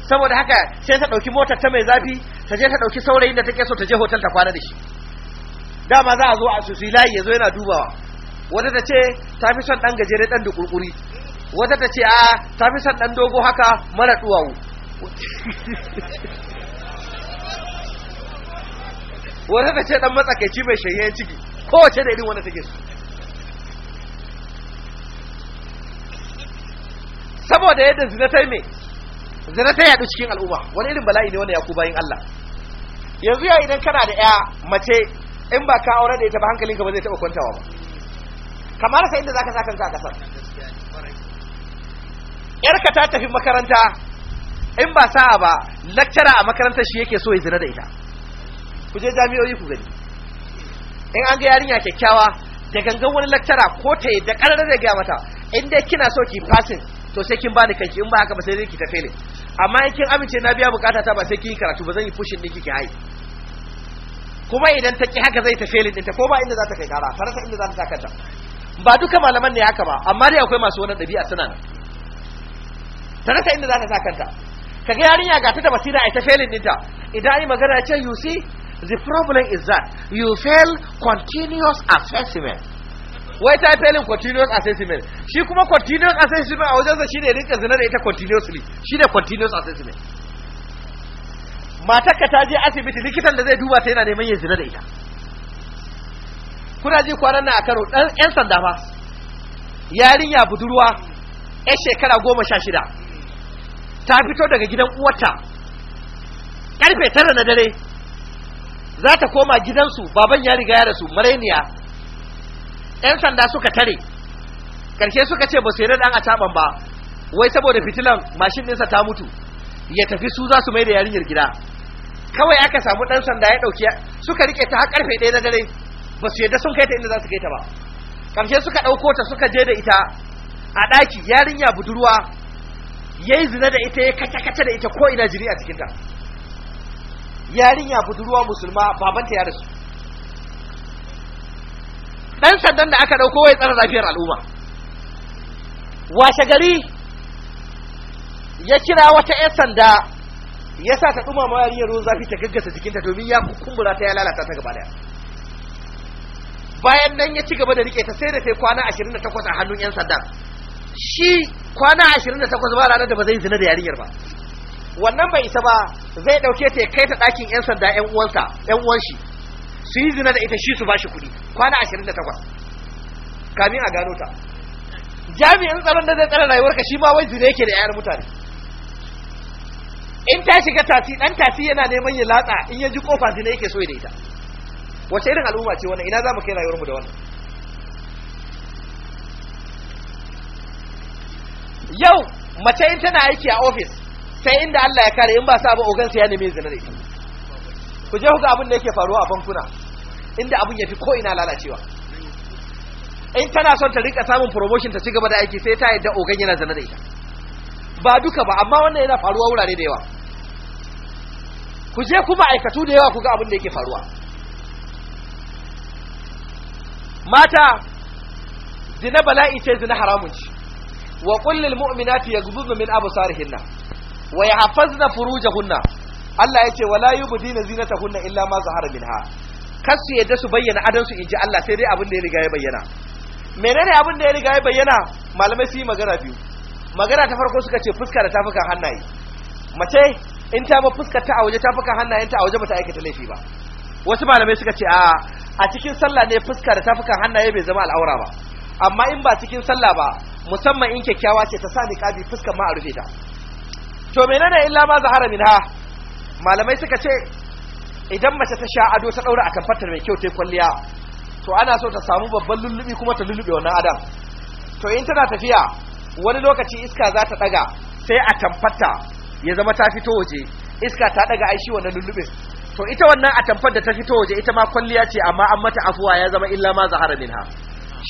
saboda haka sai ta dauki motar ta mai zafi ta je ta dauki saurayin da take so ta je hotel ta kwana da shi dama za a zo a susi layi yazo yana dubawa wata ta ce ta fi son dan gajere dan dukurkuri wata ta ce a ta fi son dan dogo haka mara duwawu wata ta ce dan matsakaici mai shayyen ciki kowace da irin wanda take so saboda yadda zina ta me zina cikin al'umma wani irin bala'i ne wani ya ku bayin Allah yanzu ya idan kana da ya mace in ba ka aure da ita ba hankali ba zai taɓa kwantawa ba kamar sai inda zaka sa kanka a kasar yarka ta tafi makaranta in ba sa'a ba lakcara a makarantar shi yake so ya zina da ita ku je jami'o'i ku gani in an ga yarinya kyakkyawa da gangan wani lakcara ko ta yi da ƙarar da gaya mata in dai kina so ki fasin to sai kin bani kanki in ba haka ba sai ki tafe ne amma in kin amince na biya bukata ta ba sai kin karatu ba zan yi pushin din ki hai kuma idan ta ki haka zai tafe din ta ko ba inda za ta kai kara farasa inda za ta sa kanta ba duka malaman ne haka ba amma dai akwai masu wannan ɗabi'a suna nan ta rasa inda za ta sa kanta kaga yarinya ga ta da basira ai ta din dinta idan ai magana ce you see the problem is that you fail continuous assessment wai ta failing continuous assessment shi kuma continuous assessment a wajensa shine rinka zina da ita continuously shine continuous assessment matarka ta je asibiti likitan da zai duba ta yana neman yin zina da ita kuna ji kwanan nan a Kano ɗan yan sanda fa yarinya budurwa ya shekara goma sha shida ta fito daga gidan uwata karfe tara na dare za ta koma gidansu baban ya riga ya rasu marainiya 'yan sanda suka tare karshe suka ce ba su yarda dan caban ba wai saboda fitilan mashin ɗinsa ta mutu ya tafi su za su mai da yarinyar gida kawai aka samu ɗan sanda ya ɗauki suka rike ta har karfe ɗaya na dare ba su yarda sun kai ta inda za su kai ta ba karshe suka ɗauko ta suka je da ita a ɗaki yarinya budurwa ya yi zina da ita ya kace-kace da ita ko ina jini a cikinta yarinya budurwa musulma babanta ya rasu dan sandan da aka dauko wai tsara lafiyar al'umma washe gari ya kira wata 'yan sanda ya sa ta ɗuma mawar ruwan zafi ta gaggasa jikinta domin ya kumbura ta ya lalata ta gaba daya bayan nan ya ci gaba da rike ta sai da kai kwana 28 a hannun 'yan sanda shi kwana 28 ba ranar da ba zai zina da yarinyar ba wannan bai isa ba zai ɗauke ta ya kai ta dakin 'yan sanda 'yan uwansa 'yan uwan su yi zina da ita shi su bashi kuɗi kwana 28 kamin a gano ta jami'in tsaron da zai tsara rayuwarka shi ma wai zina yake da 'ya'yar mutane in ta shiga tasi dan tasi yana neman ya latsa in ya ji kofa zina yake so da ita wace irin al'umma ce wannan ina za mu kai rayuwarmu da wannan yau mace in tana aiki a ofis sai inda Allah ya kare in ba sa ba ogansa ya neme zina da ita ku je ku ga abin da yake faruwa a bankuna inda abin ya fi ko'ina lalacewa in tana son ta rika samun promotion ta ci gaba da aiki sai ta yadda ogan yana zana da ita ba duka ba amma wannan yana faruwa wurare da yawa ku je kuma aikatu da yawa ku ga abin da yake faruwa mata zina bala'i ce zina haramun ci wa kullil mu'minati yaghuddu min absarihinna wa yahfazna furujahunna Allah yace wala yubdina zinatahunna illa ma zahara minha kar su yadda su bayyana adansu in ji Allah sai dai abin da ya riga ya bayyana menene abin da ya riga ya bayyana malamai su yi magana biyu magana ta farko suka ce fuska da tafukan hannaye mace in ta ba fuska ta a waje tafukan hannayen ta a waje bata aikata laifi ba wasu malamai suka ce a a cikin sallah ne fuska da tafukan hannaye bai zama al'aura ba amma in ba cikin sallah ba musamman in kyakkyawa ce ta sa niqabi fuskar ma a rufe ta to menene illa ma zahara minha malamai suka ce idan mace ta sha ado ta daura a fatar mai kyau ta yi kwalliya to ana so ta samu babban lullubi kuma ta lullube wannan adam to in tana tafiya wani lokaci iska za ta daga sai a tamfata ya zama ta fito waje iska ta daga aishi wannan lullubin to ita wannan a tamfar da ta fito waje ita ma kwalliya ce amma an mata afuwa ya zama illa ma zahara minha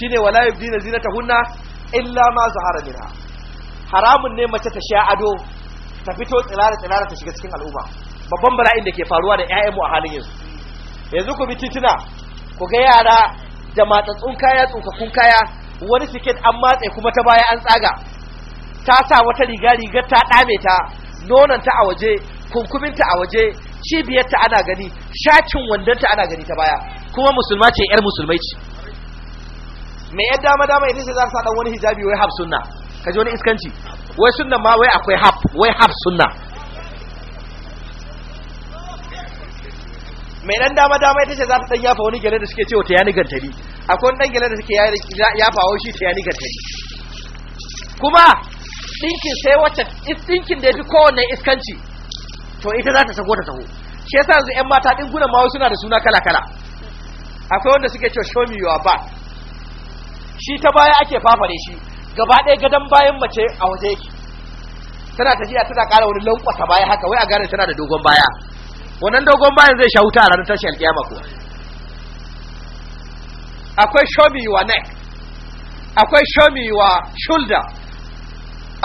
shine wala yubdina hunna illa ma zahara minha haramun ne mace ta sha ado ta fito tsirara tsirara ta shiga cikin al'umma babban bala'in da ke faruwa da ƴaƴanmu a halin yanzu yanzu ku bi tituna ku ga yara da matsatsun kaya tsokakkun kaya wani siket an matse kuma ta baya an tsaga ta sa wata riga riga ta ɗame ta nonon ta a waje kunkumin ta a waje cibiyar ana gani shakin wandon ta ana gani ta baya kuma musulma ce yar musulmai ce mai yar dama dama idan sai za ka sa dan wani hijabi wai hab sunna ji wani iskanci wai sunna ma wai akwai hab wai hab sunna mai dan dama dama ita ce za ta dan yafa wani gele da suke cewa ta yani gantari akwai wani dan gele da suke yafa wani shi ta yani gantari kuma dinkin sai wacce dinkin da ya fi kowanne iskanci to ita za ta sako ta taho shi yasa yanzu yan mata dingunan mawa suna da suna kala kala akwai wanda suke cewa show me your back shi ta baya ake fafare shi gaba ɗaya gadon bayan mace a waje yake tana tafiya tana ƙara wani lankwasa baya haka wai a gane tana da dogon baya wannan dogon bayan zai sha wuta a ranar tashin alƙiyama ko akwai shomi wa neck akwai shomi wa shoulder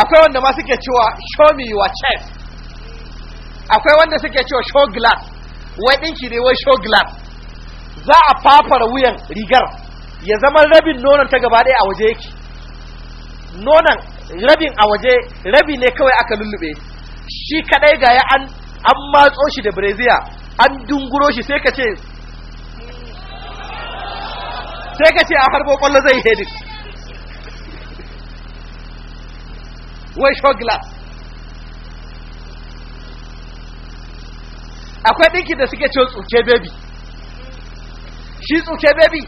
akwai wanda ma suke cewa shomi wa chest akwai wanda suke cewa show glass wai ɗinki ne wai show glass za a fafara wuyan rigar ya zama rabin nonon ta gaba ɗaya a waje yake nonon rabin a waje rabi ne kawai aka lullube shi kadai ga ya an an matso shi da breziya an dunguro shi sai ka ce sai ka ce a harbo kwallo zai hedi wai shogla akwai ɗinki da suke ce tsuke bebi shi tsuke bebi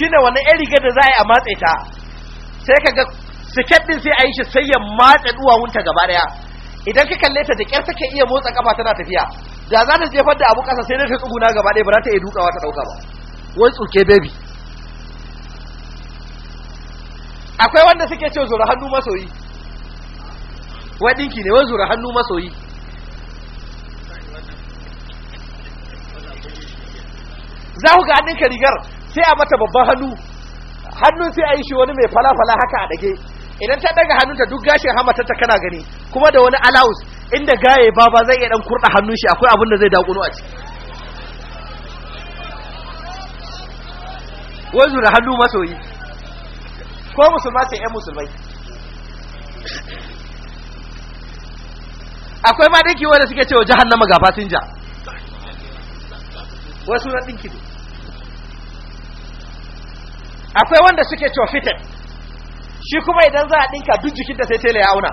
shi ne wani yan riga da za a yi a matse ta sai ka ga suket din sai a yi shi sai ya matse duwawunta gaba daya idan ka kalle ta da kyar take iya motsa kafa tana tafiya da za ta jefar da abu kasa sai dai ta tsuguna gaba ɗaya ba za ta iya dukawa ta ɗauka ba wai tsuke baby akwai wanda suke ce zura hannu masoyi wai ɗinki ne wai zura hannu masoyi za ku ga hannunka rigar sai a mata babban hannu hannun sai a yi shi wani mai fala-fala haka a ɗage idan ta daga hannunta duk gashin hamata ta kana gani kuma da wani allowance inda gaye baba zai iya dan kurda hannun shi akwai abin da zai dakuno a ciki Wai da hannu masoyi ko musulma sai yan musulmai akwai ma dinki wanda suke cewa jahannama ga fasinja wasu na dinki akwai wanda suke cewa fitan shi kuma idan za a dinka duk jikinta sai tela ya auna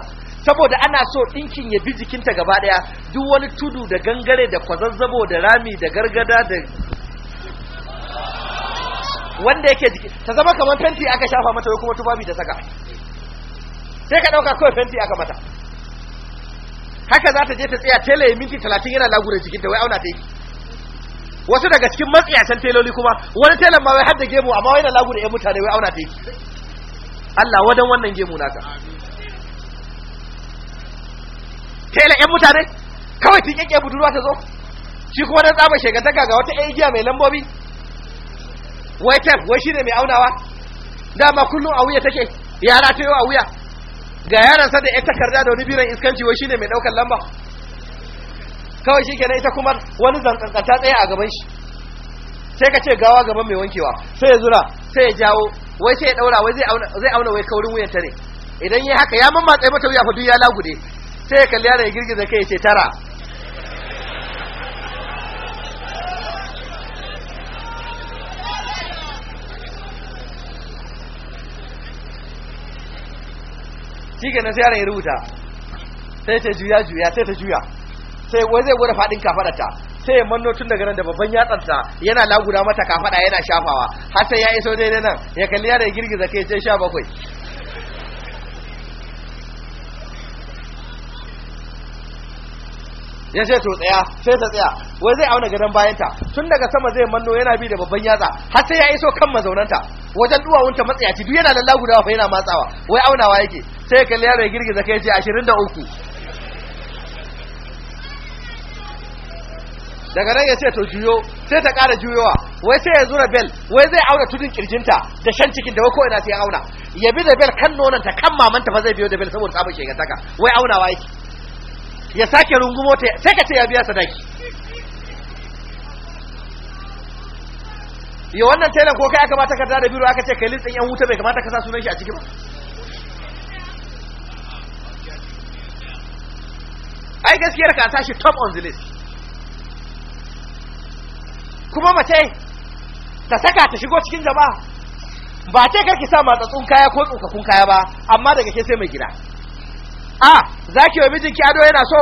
saboda ana so dinkin ya bi jikinta gaba daya duk wani tudu da gangare da kwazazzabo da rami da gargada da wanda yake jiki ta zama kamar fenti aka shafa mata ko kuma tubabi da saka sai ka dauka kawai fenti aka mata haka za ta je ta tsaya tela ya minti talatin yana lagura jikinta wai auna ta yi wasu daga cikin matsiyacin teloli kuma wani telon ma wai har da gemu amma wai na lagura ya mutane wai auna ta yi Allah wadan wannan gemu naka tela yan mutane kawai tiƙeƙe budurwa ta zo shi kuma dan tsaba shegantaka ga wata ajiya mai lambobi wai tef wai shine mai aunawa dama kullum a wuya take yara ta a wuya ga yaran sa da ita takarda da wani biran iskanci wai shine mai daukar lamba kawai shi kenan ita kuma wani zankankanta tsaye a gaban shi sai ka ce gawa gaban mai wankewa sai ya zura sai ya jawo wai sai ya daura wai zai auna wai kaurin wuyan ta ne idan yi haka ya mammatsa mata wuya fa duk ya lagude sai ya kalli yana ya girgiza kai ya ce tara shi kenan sai ya rubuta sai ta juya juya sai ta juya sai wai zai gwada fadin kafadarta sai ya manno tun daga nan da babban yatsanta yana laguna mata kafada yana shafawa har sai ya iso daidai nan ya kalli ya da girgiza kai sai sha bakwai ya ce to tsaya sai ta tsaya wai zai auna gadon bayanta tun daga sama zai manno yana bi da babban yatsa har sai ya iso kan mazaunanta wajen duwawunta matsayaci duk yana lallagu fa yana matsawa wai aunawa yake sai ya kalli yaro ya girgiza kai ya ce uku. daga nan ya ce to juyo sai ta ƙara juyowa wai sai ya zura bel wai zai auna tudun kirjinta da shan cikin da wai ina sai ya auna ya bi da bel kan ta kan mamanta fa zai biyo da bel saboda sabon shegantaka wai auna wa yake ya sake rungumo ta sai ka ce ya biya sadaki ya wannan tailan ko kai aka bata takarda da biro aka ce kai litsin yan wuta bai kamata ka sa sunan shi a ciki ba ai gaskiyar ka a tashi top on the list kuma mace ta saka ta shigo cikin jama'a ba ce ki sa matsatsun kaya ko tsokakun kaya ba amma daga ke sai mai gida a za ki wa mijinki ado yana so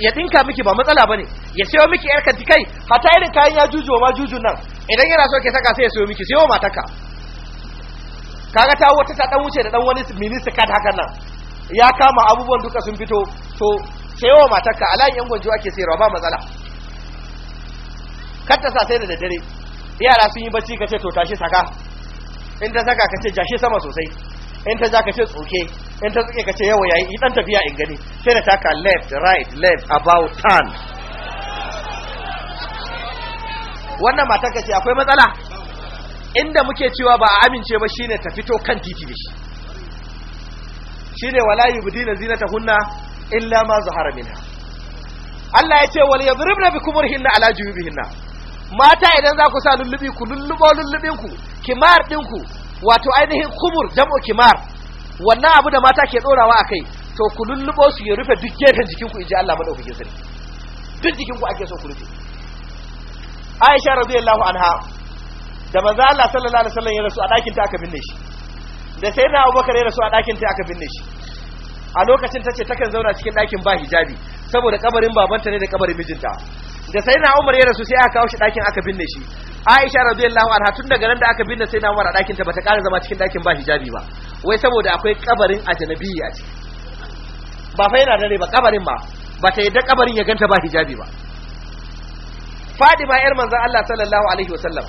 ya ɗinka miki ba matsala ba ne ya sayo miki yar kanti kai hata irin kayan ya juju ma jujun nan idan yana so ke saka sai ya sayo miki sayo matarka kaga ta wata ta dan wuce da dan wani minista kad hakan nan ya kama abubuwan duka sun fito to sayo matarka a layin yan gwanjo ake sayarwa ba matsala kar ta sa sai da daddare yara sun yi bacci ka ce to tashi saka in ta saka ka ce jashi sama sosai in ta ja ka ce tsoke in ta tsoke ka ce yawa yayi idan tafiya in gani sai da taka left right left about turn wannan matar ka ce akwai matsala inda muke cewa ba a amince ba shine ta fito kan titi da shi shine wala yubdina hunna illa ma zahara minha Allah ya ce wal yadribna bi ala jubihinna mata idan za ku sa lullubi ku lullubo lullubin ku kimar ɗinku wato ainihin kumur jam'o kimar wannan abu da mata ke ɗorawa a kai to ku lullubo su ya rufe duk gefen jikinku in ji Allah maɗaukakin sarki duk jikinku ake so ku rufe Aisha radiyallahu anha da manzo Allah sallallahu alaihi wasallam ya rasu a ɗakin ta aka binne shi da sai na Abubakar ya rasu a ɗakin ta aka binne shi a lokacin tace takan zauna cikin ɗakin ba hijabi saboda kabarin babanta ne da kabarin mijinta da na Umar ya rasu sai aka kawo shi dakin aka binne shi Aisha radiyallahu anha tun daga nan da aka binne na Umar a dakin ta bata ƙara zama cikin dakin ba hijabi ba wai saboda akwai kabarin ajnabiyya a ba fa yana dare ba kabarin ba bata yadda kabarin ya ganta ba hijabi ba Fadima yar manzon Allah sallallahu alaihi wasallam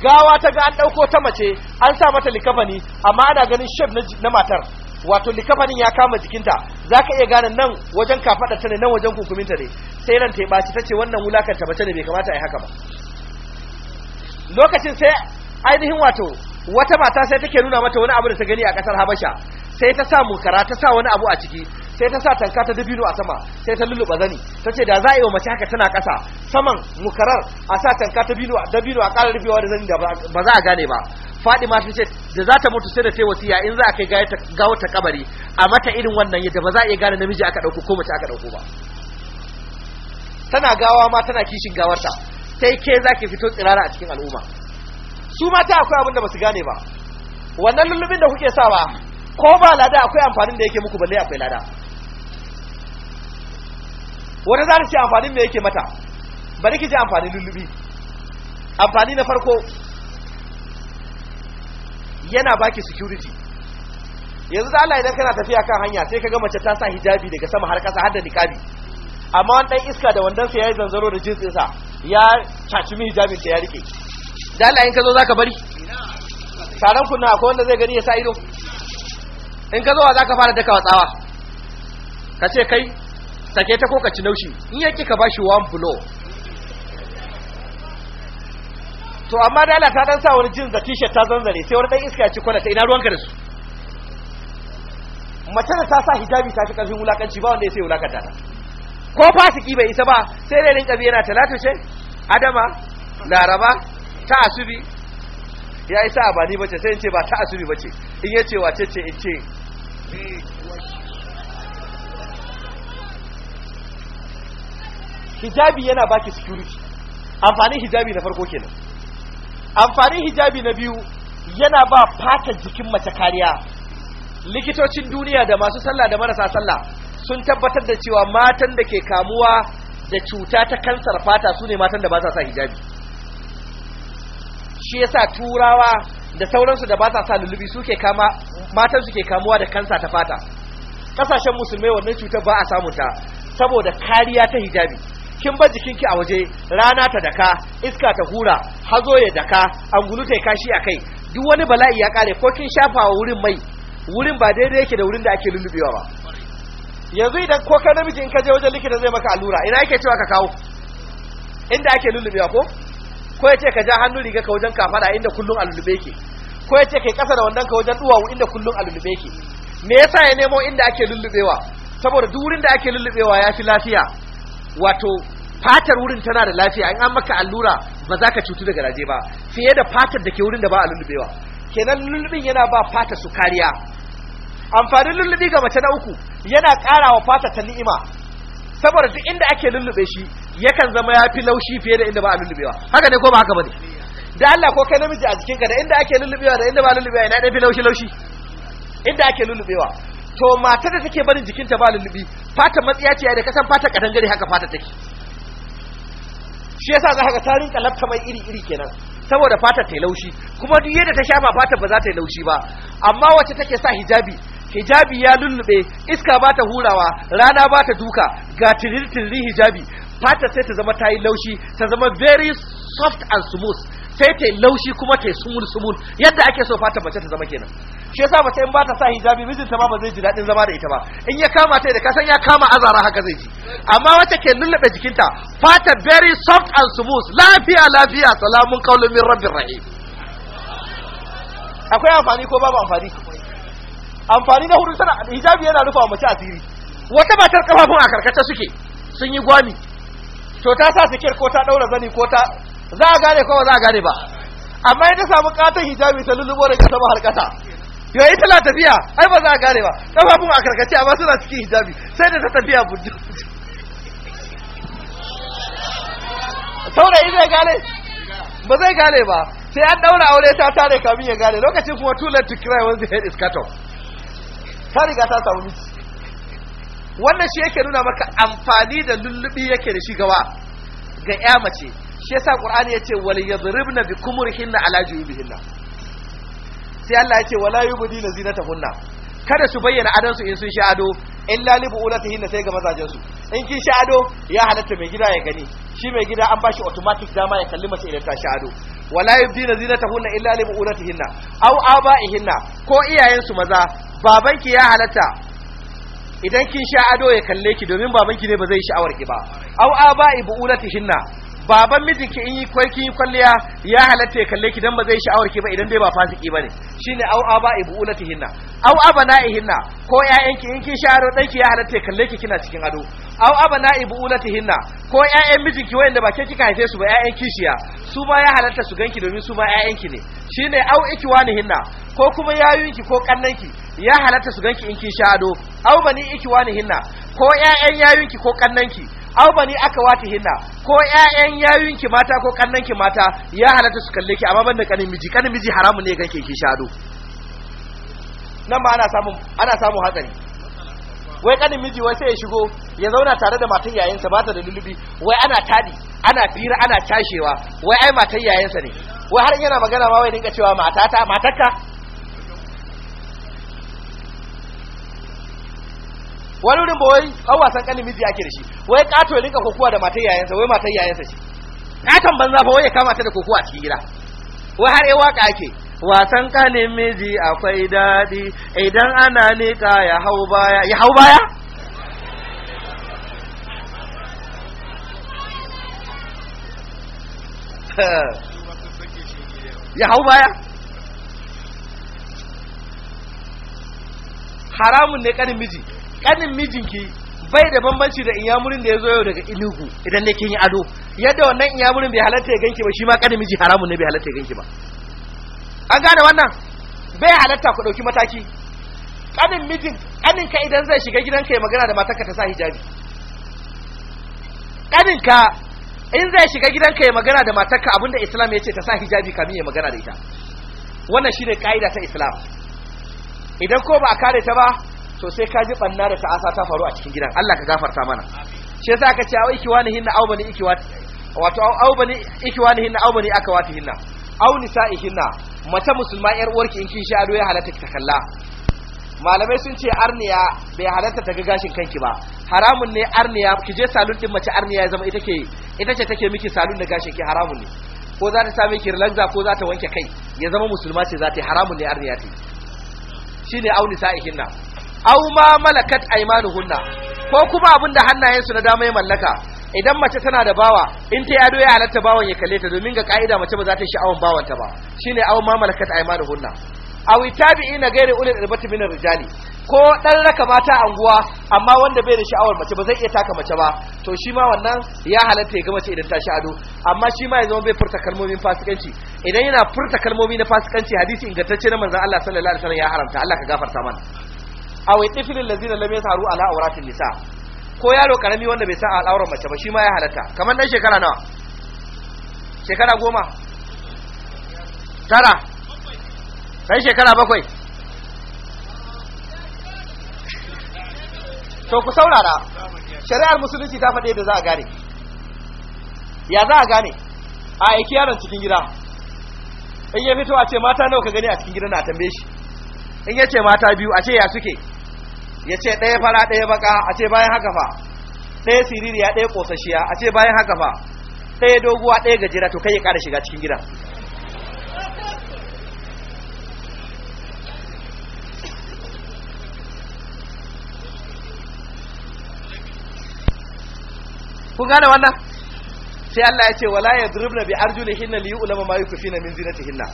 gawa ta ga an dauko ta mace an sa mata likafani amma ana ganin shef na matar wato likafanin ya kama jikinta za ka iya gane nan wajen kafaɗa ta ne nan wajen kukuminta ne sai ran ta yi ɓaci ta ce wannan wulakanta mace ne bai kamata a yi haka ba lokacin sai ainihin wato wata mata sai take nuna mata wani abu da ta gani a kasar habasha sai ta sa mukara ta sa wani abu a ciki sai ta sa tanka ta dabino a sama sai ta lulluɓa zani tace da za a yi wa mace haka tana ƙasa saman mukarar a sa tanka ta dabino a kara rufewa da zani da ba za a gane ba fadima ta ce da za ta mutu sai da ta wasiya in za a kai gawo ta kabari a mata irin wannan yadda ba za a iya gane namiji aka ɗauko ko mace aka ɗauko ba tana gawa ma tana kishin gawarta sai ke za ki fito tsirara a cikin al'umma su mata akwai abin da su gane ba wannan lullubin da kuke sa ba ko ba lada akwai amfanin da yake muku balle akwai lada wani za ta ce amfanin me yake mata bari ki ji amfanin lullubi amfani na farko yana baki security yanzu da Allah idan kana tafiya kan hanya sai ka mace ta sa hijabi daga sama har kasa har da niqabi amma wani dan iska da wandan sa yi zanzaro da jinsinsa ya caci mi hijabin ta ya rike da Allah in ka zo zaka bari taron kunna akwai wanda zai gani ya sa ido in ka zo wa zaka fara daka tsawa ka ce kai sake ta ko ka ci naushi in yake ka bashi one blow to amma da Allah ta dan sa wani jin zaki ta zanzare sai wani dan iska ya ci kwana ta ina ruwanka da su mace da ta sa hijabi ta fi karfin wulakanci ba wanda ya sai wulakanta ta ko fasiki bai isa ba sai dai rinka biyana talatu ce adama laraba ta asubi ya yi sa'a ba ni bace sai in ce ba ta asubi bace in yace wace ce in ce hijabi yana baki security amfanin hijabi na farko kenan amfanin hijabi na biyu yana ba fata jikin mace kariya likitocin duniya da masu sallah da marasa sallah sun tabbatar da cewa matan da ke kamuwa da cuta ta kansar fata su ne matan da ba sa sa hijabi shi yasa turawa da sauransu da ba sa sa lullubi suke kama matan suke kamuwa da kansa ta fata kasashen musulmai wannan cutar ba a samu ta saboda kariya ta hijabi kin bar jikinki a waje rana ta daka iska ta hura hazo ya daka angulu ta kashi a kai duk wani bala'i ya kare ko kin shafa wa wurin mai wurin ba daidai yake da wurin da ake lullubewa ba yanzu idan ko ka namiji in ka je wajen likita zai maka allura ina yake cewa ka kawo inda ake lullubewa ko ko ya ce ka ja hannun riga ka wajen kafada inda kullun alulube ke ko ya ce kai kasa da wannan ka wajen duwawu inda kullun alulube ke me yasa ya nemo inda ake lullubewa saboda duk wurin da ake lullubewa ya fi lafiya wato fatar wurin tana da lafiya in an maka allura ba za ka cutu da garaje ba fiye da fatar da ke wurin da ba a lullubewa kenan lullubin yana ba fata su kariya amfanin lullubi ga mace na uku yana ƙara wa fata ta ni'ima saboda duk inda ake lullube shi yakan zama ya fi laushi fiye da inda ba a lullubewa haka ne ko ba haka ba ne da Allah ko kai namiji a jikinka da inda ake lullubewa da inda ba lullubewa yana ɗan fi laushi laushi inda ake lullubewa to matar da take barin jikinta ba lullubi fata matsiya ce da kasan fata kadangare haka fata take shi yasa za ka tarin kalabta mai iri iri kenan saboda fata ta laushi kuma duk yadda ta shafa fata ba za ta yi laushi ba amma wacce take sa hijabi hijabi ya lullube iska ba ta hurawa rana ba ta duka ga tiriri hijabi fata sai ta zama ta yi laushi ta zama very soft and smooth sai ta yi laushi kuma ta yi sumul sumul yadda ake so fata mace ta zama kenan shi yasa mace in ba ta sa hijabi mijinta ba ba zai ji daɗin zama da ita ba in ya kama ta da kasan ya kama azara haka zai ji amma wacce ke lullube jikinta fata very soft and smooth lafiya lafiya salamun qaulun rabin rahim akwai amfani ko babu amfani amfani na hudu tana hijabi yana rufa mace asiri wata matar kafafun a karkace suke sun yi gwami to ta sa sikir ko ta daura zani ko ta za a gane ko za a gane ba amma ta samu katon hijabi ta lullubo da kasa halkata yo ita na tafiya ai ba za a gane ba kafafun a karkace amma suna cikin hijabi sai da ta tafiya bujju saurayi zai gane ba zai gane ba sai an daura aure ta tare kamin ya gane lokacin kuma tulen late to cry once the head is cut off ta riga ta samu miji wannan shi yake nuna maka amfani da lullubi yake da shi gawa ga ya mace shi yasa qur'ani yace wal yadribna bi kumurihinna ala jubihinna sai Allah yace wala yubdina zinatahunna kada su bayyana adansu in sun sha ado lalibu li hinna sai ga mazajensu, in kin sha ado ya halatta mai gida ya gani shi mai gida an bashi automatic dama ya kalli mace idan ta sha ado wala yubdina zinatahunna illa li bu'ulatihin aw hinna ko iyayensu su maza babanki ya halatta idan kin sha ado ya kalle ki domin babanki ne ba zai sha'awar ki ba aw aba'i hinna. baban mijinki in yi kwaikin yi kwalliya ya halatta ya kalle ki dan ba zai sha'awar ki ba idan dai ba fasiki bane shine au aba ibulatihinna au hinna ko ƴaƴanki in kin sha'aro danki ya halatta ya kalle ki kina cikin ado au ulati hinna ko ƴaƴan mijinki wanda ba ke kika haife su ba ƴaƴan kishiya su ba ya halatta su ganki domin su 'ya'yan ƴaƴanki ne shine au hinna ko kuma yayunki ko kannanki ya halatta su ganki in kin sha ado au bani hinna ko ƴaƴan yayunki ko kannanki au bani hinna ko ƴaƴan yayunki mata ko kannanki mata ya halatta su kalle ki amma banda kanin miji kanin miji haramun ne ganke ki shado nan ba ana samun ana samun hatsari wai kanin miji wai sai ya shigo ya zauna tare da matan yayansa ba ta da lulubi wai ana tadi ana fira ana cashewa wai ai matan yayansa ne wai har yana magana ma wai dinga cewa matata matarka wani wurin bawai wai wasan kanin miji ake da shi wai kato ya rinka kokowa da matar yayansa wai matar yayansa ce katon banza fa wai ya kama ta da kokowa a cikin gida wai har yawa ka ake wasan kanin miji akwai daɗi idan ana nika ya hau baya ya hau baya ya hau baya haramun ne kanin miji kanin mijinki bai da bambanci da inyamurin da ya zo yau daga inugu idan ne kin yi ado yadda wannan inyamurin bai halatta ya ganki ba shi ma kanin miji haramun ne bai halatta ya ganki ba an gane wannan bai halatta ku dauki mataki kanin mijin kanin ka idan zai shiga gidanka ya magana da matarka ta sa hijabi kanin ka in zai shiga gidanka ya magana da matarka abinda islam ya ce ta sa hijabi kamin ya magana da ita wannan shine kaida ta islam idan ko ba a kare ta ba to sai ka ji banna da ta'asa ta faru a cikin gidan Allah ka gafarta mana shi yasa aka ce a wani hinna au bani ikiwati wato au bani ikiwani hinna au bani akawati hinna au nisa'i hinna mace musulma yar uwarki in kin sha ado ya halatta ki ta kalla malamai sun ce arniya bai halatta ta ga gashin kanki ba haramun ne arniya ki je salon din mace arniya ya zama ita ke ita ce take miki salon da gashin ki haramun ne ko za ta same ki relaxa ko za ta wanke kai ya zama musulma ce za ta yi haramun ne arniya ta yi shine au nisa'i hinna aw ma malakat aymanuhunna ko kuma abinda da hannayensu na dama ya mallaka idan mace tana da bawa in ta yado ya halatta bawan ya kalle ta domin ga ka'ida mace ba za ta shi sha'awan bawanta ba shine aw ma malakat aymanuhunna aw tabi'ina ghairi ulil irbati min rijali ko dan raka mata anguwa amma wanda bai da sha'awar mace ba zai iya taka mace ba to shi ma wannan ya halatta ya ga mace idan ta sha ado amma shi ma ya zama bai furta kalmomin fasikanci idan yana furta kalmomi na fasikanci hadisi ingantacce na manzon Allah sallallahu alaihi wasallam ya haramta Allah ka gafarta mana A wai tiflil lazina lam saru ala auratin nisa ko yaro karami wanda bai san al'auran mace ba shi ma ya halatta kamar dan shekara nawa shekara goma tara sai shekara bakwai to ku saurara shari'ar musulunci ta faɗe da za a gane ya za a gane a aiki yaron cikin gida in ya fito a ce mata nawa ka gani a cikin gida na tambaye shi in ya ce mata biyu a ce ya suke ya ce ɗaya fara ɗaya baka a ce bayan haka fa ɗaya siririya ɗaya ƙosashiya a ce bayan haka fa ɗaya doguwa ɗaya gajera to kai ya ƙara shiga cikin gida. kun gane wannan sai Allah ya ce wala ya yadribna bi hinna liyu ulama ma fina min hinna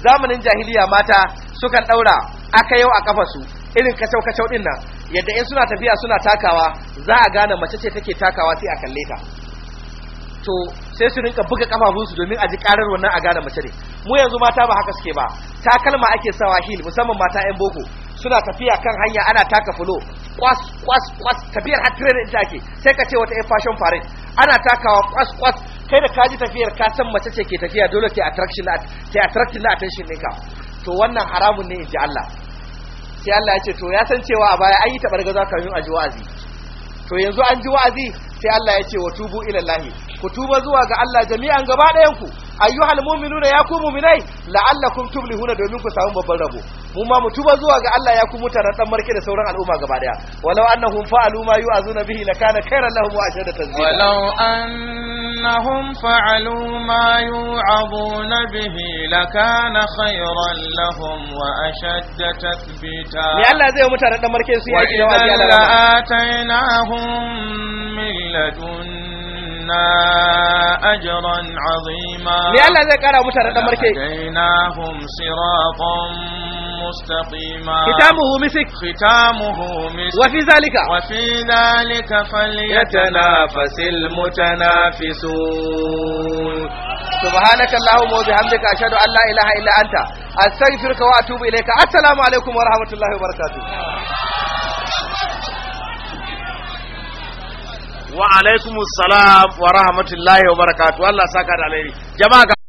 zamanin jahiliya mata sukan daura aka yau a kafa su irin kacau kacau din nan yadda in suna tafiya suna takawa za a gane mace ce take takawa sai a kalle ta to sai su rinka buga kafafunsu domin a ji karar wannan a gane mace ne mu yanzu mata ba haka suke ba takalma ake sawa hil musamman mata yan boko suna tafiya kan hanya ana taka fulo kwas kwas kwas tafiyar har training ta ke sai ka ce wata yan fashion parade ana takawa kwas kwas kai da kaji tafiyar ka san mace ce ke tafiya dole ke attraction na attraction na attention ka to wannan haramun ne in ji Allah sai Allah ya ce to ya san cewa a baya an yi gaza kafin a ji wa'azi to yanzu an ji wa'azi sai Allah ya ce wa tubu ila Allah ku tuba zuwa ga Allah jami'an gaba ɗayan ku ayyuhal mu'minuna ya ku mu'minai la'allakum tuflihuna domin ku samu babban rabo mu ma mutuba zuwa ga Allah ya ku mutanen dan marke da sauran al'umma gaba daya walau annahum fa'alu ma yu'azuna bihi lakana khairan lahum wa ashadda tanzila walau annahum fa'alu ma yu'azuna bihi lakana khairan lahum wa ashadda tathbita ni Allah zai mutanen dan marke su yaki da wajiya da Allah atainahum min ladun أَجْرًا عَظِيمًا لأن ذكر كان أبو شهر الأمر كي لَدَيْنَاهُمْ صِرَاطًا مستقيما ختامه مسك ختامه مسك وفي ذلك وفي ذلك فليتنافس المتنافسون سبحانك اللهم وبحمدك أشهد أن لا إله إلا أنت أستغفرك وأتوب إليك السلام عليكم ورحمة الله وبركاته wa alaikumussalam wa rahmatullahi wa barakatuh Allah saka da alheri jama'a